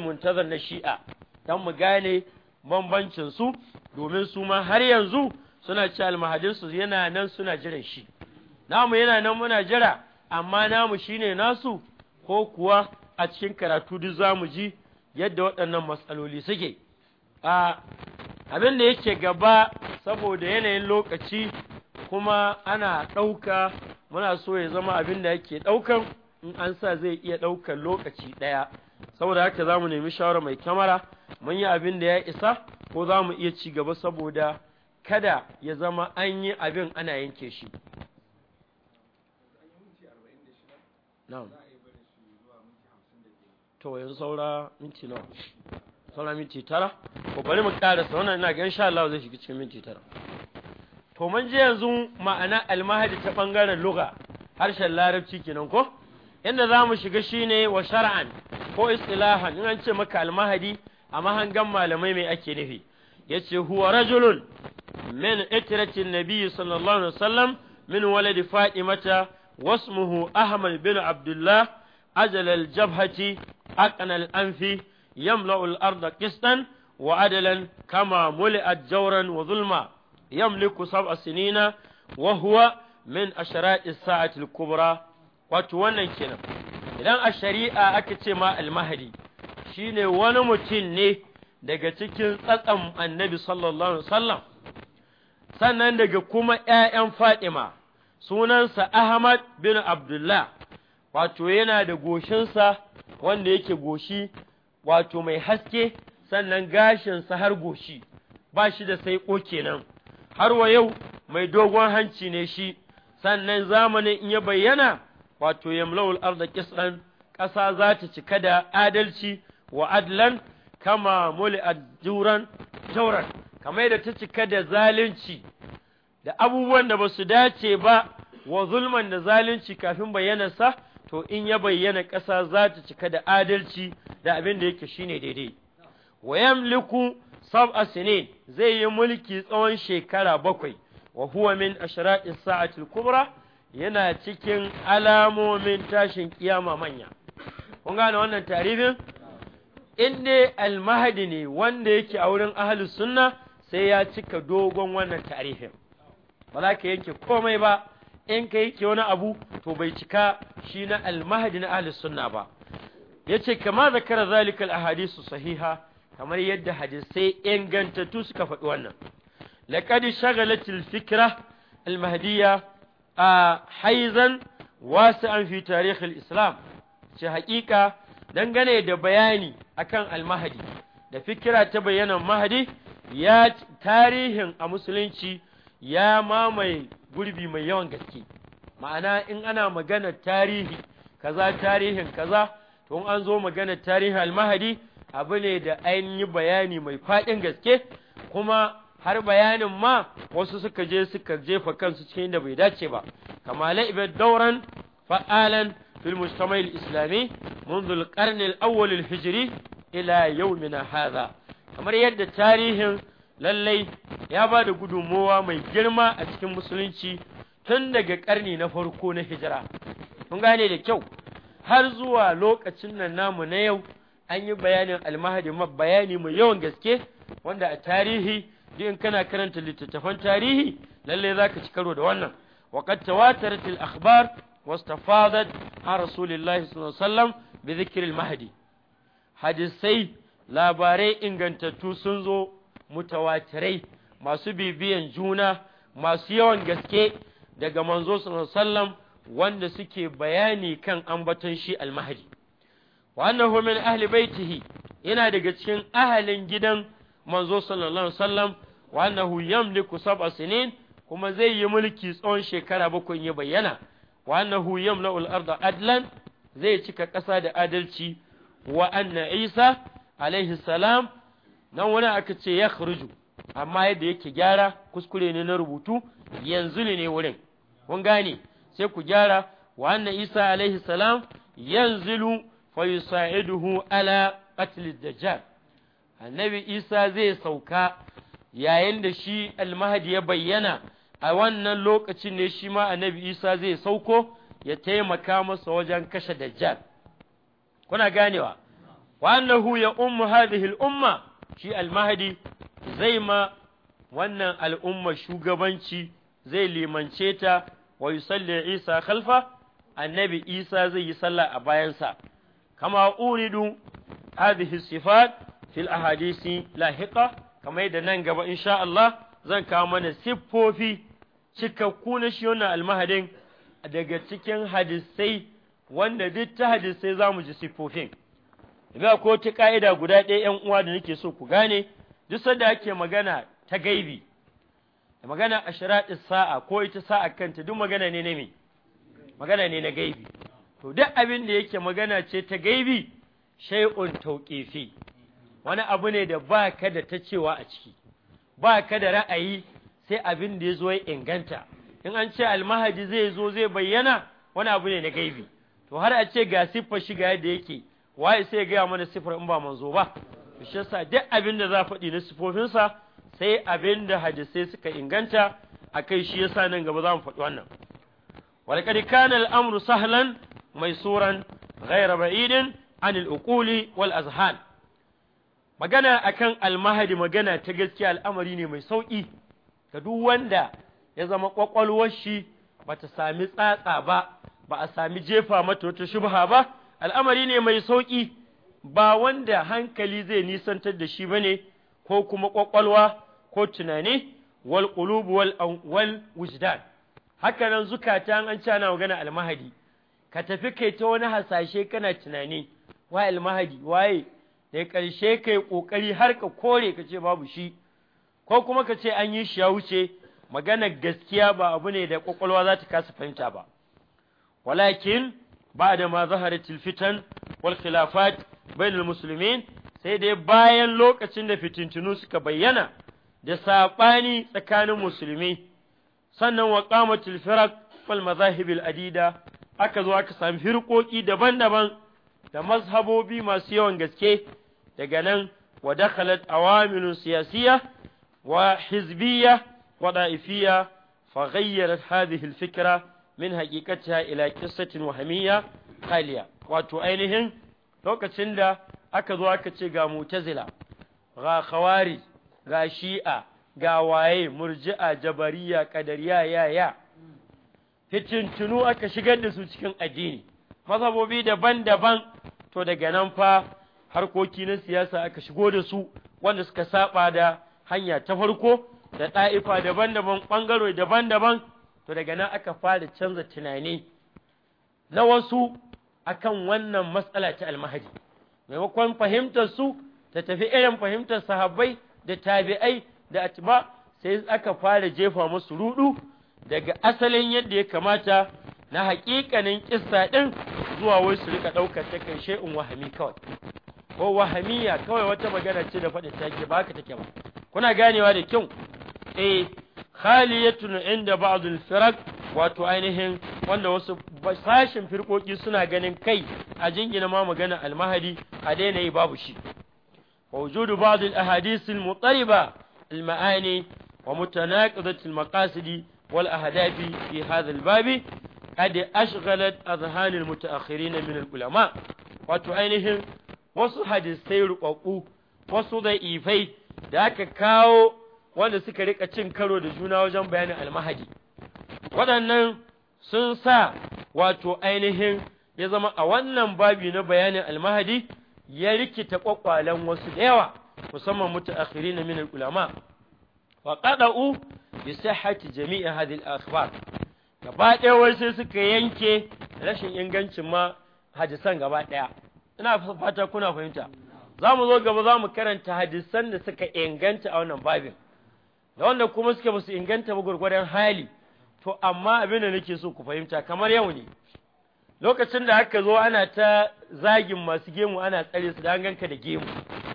muntazar na shi'a dan mu gane bambancin su domin su ma har yanzu suna ci almahadinsu yana nan suna jiran shi namu yana nan muna jira amma namu shine nasu ko kuwa a cikin karatu duk za mu ji yadda waɗannan matsaloli suke a abin da yake gaba saboda yanayin lokaci kuma ana ɗauka muna so ya zama abin da yake ɗaukan in an sa zai iya ɗaukan lokaci ɗaya saboda haka za mu nemi shawara mai kyamara mun yi abin da ya isa ko za mu iya ci gaba saboda kada ya zama an yi abin ana yanke shi na'am to yanzu saura minti nawa saura minti tara ko bari mu karasa wannan ina ga insha Allah zai shiga cikin minti tara to mun je yanzu ma'ana almahadi ta bangaren lugha harshen larabci kenan ko inda zamu shiga shine wa shar'an ko istilahan in an ce maka almahadi a mahangan malamai mai ake nufi yace huwa rajulun min itratin nabiy sallallahu alaihi wasallam min waladi fatimata واسمه أحمد بن عبد الله أجل الجبهة أقن الأنف يملأ الأرض قسطا وعدلا كما ملئت جورا وظلما يملك سبع سنين وهو من أشراء الساعة الكبرى وتوانا كنا إذن الشريعة أكتما المهدي shine wani mutum ne daga cikin tsatsan annabi sallallahu alaihi wasallam sannan daga kuma ‘ya'yan Fadima sunansa Ahmad bin Abdullah wato yana da goshinsa wanda yake goshi wato mai haske sannan gashinsa har goshi ba shi da sai saiƙo kenan har wa yau mai dogon hanci ne shi sannan zamanin in ya bayyana wato yamlawul arda kisran ƙasa za ta cika da adalci wa adlan kama muli juran kamar da ta cika da zalunci da abubuwan da ba su dace ba wa zulman da zalunci kafin bayyana sa to in ya bayyana ƙasa za ta cika da adalci da abin da yake shine daidai wa yamliku sab'a sinin zai yi mulki tsawon shekara bakwai wa huwa min ashra'is sa'atil kubra yana cikin alamomin tashin kiyama manya kun gane wannan tarihin in dai almahadi ne wanda yake a wurin ahlus sunna sai ya cika dogon wannan tarihin ba za ka yanke komai ba in ka yanke wani abu to bai cika shi na almahadi na ahli sunna ba yace kama zakara zalikal ahadisu sahiha kamar yadda hadisai ingantattu suka faɗi wannan laqad shagalatil fikra almahdiyya a haizan wasi'an fi tarihil islam ce haƙiƙa dangane da bayani akan almahadi da fikira ta bayyana mahadi ya tarihin a musulunci ya mamaye gurbi mai yawan gaske ma'ana in ana maganar tarihi kaza tarihin kaza to an zo maganar tarihin almahadi abu ne da yi bayani mai faɗin gaske kuma har bayanin ma wasu suka je suka jefa kansu cikin da bai dace ba kamala ibad dauran fa'alan fil mujtama'il islami منذ القرن الأول الهجري إلى يومنا هذا kamar yadda tarihin lallai ya ba da gudunmowa mai girma a cikin musulunci tun daga ƙarni na farko na hijira kun gane da kyau har zuwa lokacin nan namu na yau an yi bayanin almahadi ma bayani mai yawan gaske wanda a tarihi din kana karanta littattafan tarihi lallai za ka ci karo da wannan wa qad tawatarat al akhbar wastafadat an rasulillahi sallallahu alaihi wasallam bi dhikr al mahdi hadisai labarai ingantattu sun zo mutawatirai masu bibiyan juna masu yawan gaske daga manzo sallam wanda suke bayani kan ambaton shi almahdi wa annahu min ahli baitihi yana daga cikin ahalin gidan manzo sallallahu alaihi wasallam wa annahu yamliku sab'a sinin kuma zai yi mulki tsawon shekara bakwai ya bayyana wa annahu yamla'u al-arda adlan zai cika ƙasa da adalci wa anna Isa alaihi salam nan wani aka ce ya kharuju amma yadda yake gyara kuskure ne na rubutu yanzu ne wurin kun gane sai ku gyara wa anna isa alaihi salam yanzilu fa yusaiduhu ala qatl dajjal annabi isa zai sauka yayin da shi almahdi ya bayyana a wannan lokacin ne shi ma annabi isa zai sauko ya taimaka masa wajen kashe dajjal kuna ganewa wa annahu ya ummu hadhihi al-umma shi almahadi zai ma wannan al'umma shugabanci zai limance ta wa yusalli isa khalfa annabi isa zai yi sallah a bayansa kama uridu hadhihi sifat fil ahadisi lahiqa kamar da nan gaba insha Allah zan kawo mana siffofi cikakku na shi wannan almahadin daga cikin hadisai wanda duk ta hadisai za mu ji siffofin ba ko ta ƙa'ida guda ɗaya ‘yan uwa da nake so ku gane, duk sanda ake magana ta gaibi, magana a sharaɗin sa'a ko ita sa'a kanta duk magana ne na me, magana ne na gaibi. To, duk abin da yake magana ce ta gaibi, shai'un tauƙefe wani abu ne da ba ka da ta cewa a ciki, ba ka da ra'ayi sai abin da ya zo ya inganta. In an ce almahadi zai zo zai bayyana, wani abu ne na gaibi. To, har a ce ga siffar shiga yadda yake, waye sai gaya mana sifar in ba manzo ba shi yasa duk abin da za faɗi na sifofinsa sai abin da hadisai suka inganta akai shi yasa nan gaba za mu faɗi wannan walƙad kana amru sahlan maysuran ghayra ba'idin an uquli wal azhan magana akan mahdi magana ta gaskiya al'amari ne mai sauki ga duk wanda ya zama kwakwalwar shi ba ta sami tsatsa ba ba a sami jefa mata wata shubha ba al'amari ne mai sauƙi ba wanda hankali zai nisantar da shi bane ko kuma ƙwaƙwalwa ko tunani wal qulubu wal wal wujdan haka nan zukata an ci ana magana almahadi ka tafi kai ta wani hasashe kana tunani wa almahadi waye da ƙarshe kai ƙoƙari har ka kore ka ce babu shi ko kuma ka ce an yi shi ya wuce magana gaskiya ba abu ne da ƙwaƙwalwa za ta kasa fahimta ba walakin ba'da ma zaharatil fitan wal khilafat bainal muslimin sai dai bayan lokacin da fitintunu suka bayyana da saɓani tsakanin musulmi sannan wa qamatil firaq wal mazahibil adida aka zo aka sami firkoki daban-daban da mazhabobi masu yawan gaske daga nan wa dakhalat awamilun siyasiyya wa hizbiyya wa da'ifiyya fa ghayyarat hadhihi min haqiqatiha ila qissatin wahamiyya khaliya wato ainihin lokacin da aka zo aka ce ga mu'tazila ga khawari ga shi'a ga waye murji'a jabariya kadariya ya ya hitintunu aka shigar da su cikin addini mazhabobi daban-daban to daga nan fa harkoki na siyasa aka shigo da su wanda suka saba da hanya ta farko da ɗa'ifa daban-daban ɓangare daban-daban to daga nan aka fara canza tunani na wasu akan wannan matsala ta almahadi maimakon fahimtar su ta tafi irin fahimtar sahabbai da tabi'ai da atba sai aka fara jefa musu rudu daga asalin yadda ya kamata na haƙiƙanin kissa ɗin zuwa wai su rika ɗaukar ta in shay'un wahami kawai ko wahamiya kawai wata magana ce da faɗin take ba haka take ba kuna ganewa da kyau eh khaliyatun inda ba'd al-firaq wato ainihin wanda wasu sashin firkoki suna ganin kai a jingina ma magana al-mahdi a daina yi babu shi wujud ba'd al-ahadith al-mutariba al-ma'ani wa mutanaqidat al-maqasid wal-ahdaf fi hadha al-bab qad ashghalat adhhan al-mutaakhirin min al-ulama wato ainihin wasu hadisai rukwaku wasu da'ifai da aka kawo wanda suka rika cin karo da juna wajen bayanin almahadi waɗannan sun sa wato ainihin ya zama a wannan babi na bayanin almahadi ya rikita kwakwalen wasu da yawa musamman mutaakhiri na min ulama wa ƙaɗa'u bi sihhati jami'i hadhihi al-akhbar gaba ɗaya wai sai suka yanke rashin ingancin ma hadisan gaba ɗaya ina fata kuna fahimta za mu zo gaba za mu karanta hadisan da suka inganta a wannan babin da wanda kuma suke ba su inganta ba hali to amma abin da nake so ku fahimta kamar yau ne lokacin da aka zo ana ta zagin masu gemu ana tsare su da ganka da gemu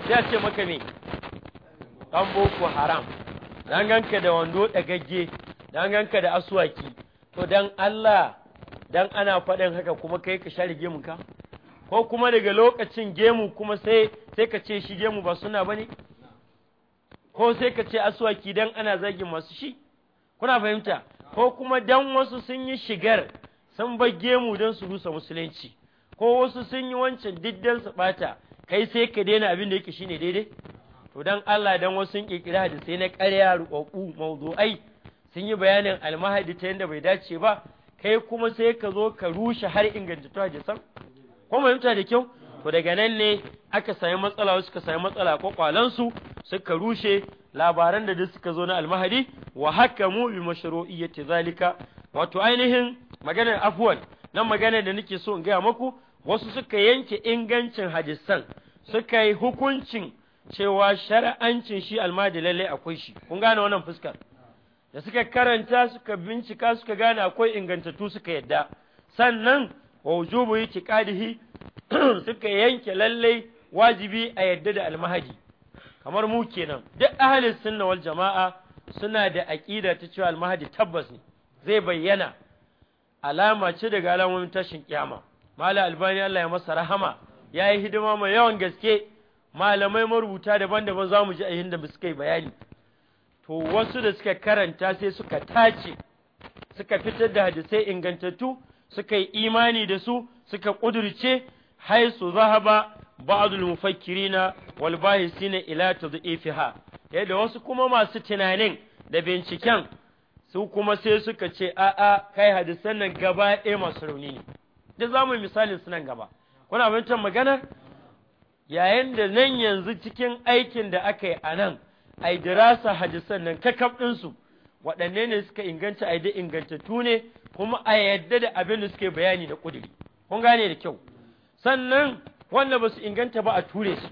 sai a ce maka ne dan boko haram dan ganka da wando dagagge dan ganka da asuwaki to dan Allah dan ana faɗin haka kuma kai ka share gemun ka ko kuma daga lokacin gemu kuma sai sai ka ce shi gemu ba suna bane ko sai ka ce aswaki dan ana zagin masu shi kuna fahimta ko kuma dan wasu sun yi shigar sun bar gemu don su rusa musulunci ko wasu sun yi wancan diddan su bata kai sai ka daina abin da yake shine daidai to dan Allah dan wasu sun da sai na ƙarya ruƙoƙu mawdu'ai sun yi bayanin almahadi ta yadda bai dace ba kai kuma sai ka zo ka rushe har inganta ingantattu san? ko mai da kyau to daga nan ne aka sami matsala wasu suka sami matsala su suka rushe labaran da duk suka zo na almahadi wa hakamu bi mashru'iyyati zalika wato ainihin maganar afwan nan maganar da nake so in gaya muku wasu suka yanke ingancin hadisan suka yi hukuncin cewa shar'ancin shi almahadi lalle akwai shi kun gane wannan fuskar da suka karanta suka bincika suka gane akwai ingantattu suka yadda sannan wa wujubu yake <clears throat> suka yanke lalle wajibi a yadda da almahadi kamar mu kenan duk ahalin sunna wal jama'a suna da aqida ta cewa almahdi tabbas ne zai bayyana alama ce daga alamomin tashin kiyama mala albani Allah ya masa rahama ya yi hidima mai yawan gaske malamai marubuta daban-daban za mu ji ayin da suka yi bayani to wasu da suka karanta sai suka tace suka fitar da hadisai ingantattu suka yi imani da su suka ƙudurce hai su zahaba ba'dul mufakkirina wal bahisina ila tad'ifiha yadda wasu kuma masu tunanin da binciken su kuma sai suka ce a'a kai hadisan nan gaba ɗaya masu rauni ne duk zamu misalin su nan gaba kuna fahimtar magana yayin da nan yanzu cikin aikin da aka yi a nan ai dirasa hadisan nan kakaf ɗinsu waɗanne ne suka inganta a da ingantattu ne kuma a yadda da abin da suke bayani da ƙudiri kun gane da kyau sannan wanda ba su inganta ba a ture su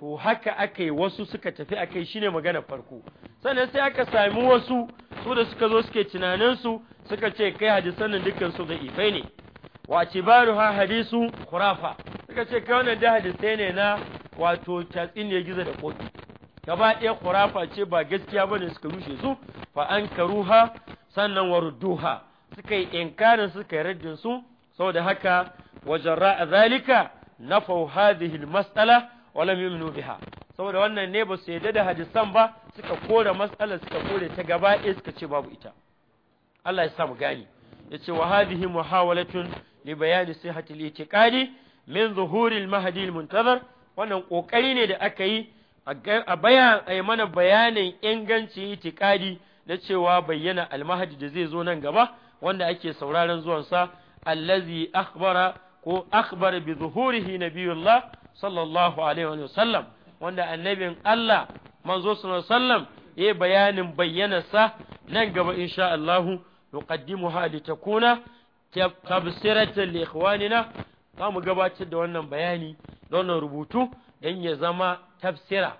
to haka aka yi wasu suka tafi a kai shine magana farko sannan sai aka sami wasu su da suka zo suke tunaninsu suka ce kai hadisan nan dukkan su ifai ne wa tibaru ha hadisu khurafa suka ce kai wannan da hadisai ne na wato tatsin ne gizo da kofi gaba ɗaya khurafa ce ba gaskiya bane suka rushe su fa an karuha sannan warduha suka yi inkarin suka yi raddin su saboda haka wajen ra'a zalika nafau hadhihi almas'ala wa lam yu'minu biha saboda wannan ne ba su yadda da hadisan ba suka kore mas'ala suka kore ta gaba ɗaya suka ce babu ita Allah ya samu gani yace wa hadhihi muhawalatun li bayani sihhati al-i'tiqadi min zuhuri al-mahdi al-muntazar wannan kokari ne da aka yi a bayan a mana bayanin ingancin itikadi na cewa bayyana al da zai zo nan gaba wanda ake sauraron zuwansa allazi akhbara ko akhbar bi zuhurihi nabiyullah sallallahu alaihi wa wanda annabin Allah manzo sallallahu alaihi ya bayanin bayyanarsa nan gaba insha Allah nuqaddimuha li takuna tabsiratan li ikhwanina za mu gabatar da wannan bayani da wannan rubutu dan ya zama tafsira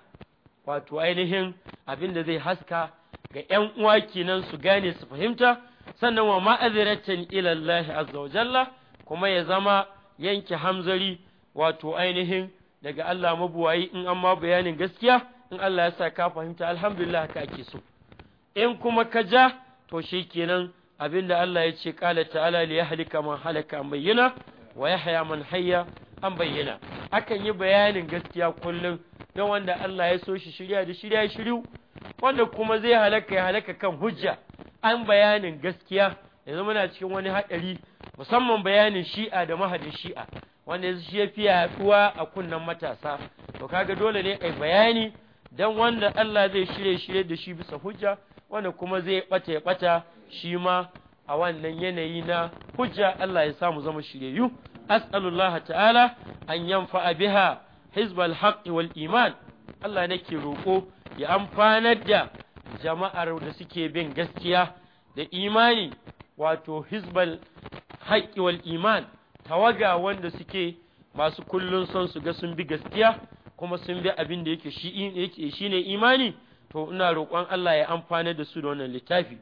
wato ainihin abin da zai haska ga 'yan uwa kenan su gane su fahimta sannan wa ila ilallahi azza wa jalla kuma ya zama yanke hamzari wato ainihin daga Allah mabuwayi in an bayanin gaskiya in Allah ya sa ka fahimta alhamdulillah haka ake so in kuma ka ja to shikenan abinda Allah ya ce qala ta'ala li yahlika man halaka an bayyana wa yahya man hayya an bayyana akan yi bayanin gaskiya kullum don wanda Allah ya so shi shirya da shirya shiru wanda kuma zai halaka ya halaka kan hujja an bayanin gaskiya yanzu muna cikin wani haɗari musamman bayanin shi'a da mahadin shi'a wanda yanzu shi ya fi yaduwa a kunnen matasa to kaga dole ne ai bayani dan wanda Allah zai shirye shirye da shi bisa hujja wanda kuma zai bata ya bata shi ma a wannan yanayi na hujja Allah ya samu zama shiryayyu as'alullah ta'ala an yanfa'a biha hizbal haqq wal iman Allah nake roko ya amfanar da jama'ar da suke bin gaskiya da imani wato hizbal haƙƙi wal iman tawaga wanda suke masu kullun son su ga sun bi gaskiya kuma sun bi abin da yake shi ne imani to ina roƙon Allah ya amfana da su da wannan littafi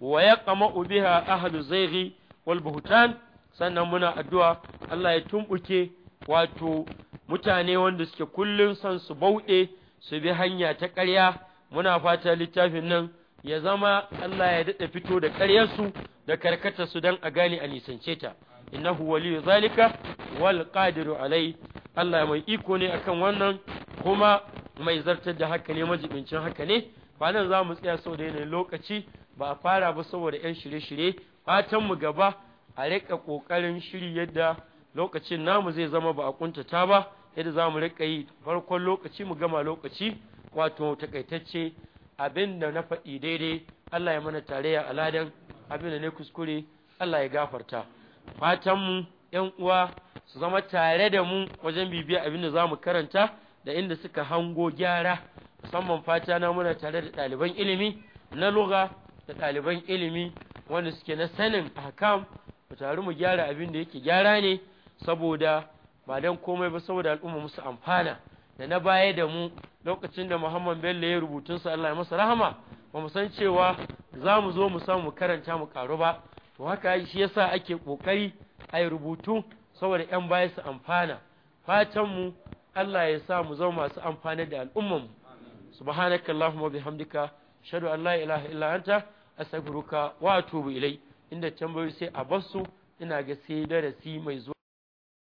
wa ya kama ubiha ahlu zaihi wal buhtan sannan muna addu'a Allah ya tumbuke wato mutane wanda suke kullun son su bauɗe su bi hanya ta ƙarya muna fata littafin nan ya zama Allah ya daɗa fito da ƙaryarsu da karkatar su dan a gane a nisance ta innahu waliyu zalika wal qadiru alai Allah mai iko ne akan wannan kuma mai zartar da haka ne majibincin haka ne kwanan za mu tsaya sau da yanayin lokaci ba a fara ba saboda 'yan shirye-shirye fatan mu gaba a rika ƙoƙarin shiri yadda lokacin namu zai zama ba a kuntata ba yadda za mu rika yi farkon lokaci mu gama lokaci wato takaitacce abinda na faɗi daidai Allah ya mana tarayya aladan abin da ne kuskure Allah ya gafarta fatan mu ƴan uwa su zama tare da mu wajen bibiya abin da zamu karanta da inda suka hango gyara musamman fata na muna tare da ɗaliban ilimi na lugha da ɗaliban ilimi wanda suke na sanin ahkam mu tare mu gyara abin da yake gyara ne saboda ba dan komai ba saboda al'umma musu amfana da na baya da mu lokacin da Muhammad Bello ya rubutunsa Allah ya masa rahama ba mu san cewa za mu zo mu samu mu karanta mu karu ba to haka shi yasa ake kokari a yi rubutu saboda yan baya su amfana fatan mu Allah ya sa mu zama masu amfana da al'umman mu subhanakallahumma bihamdika shadu an la ilaha illa anta astaghfiruka wa atubu ilai inda tambayoyi sai a basu ina ga sai darasi mai zuwa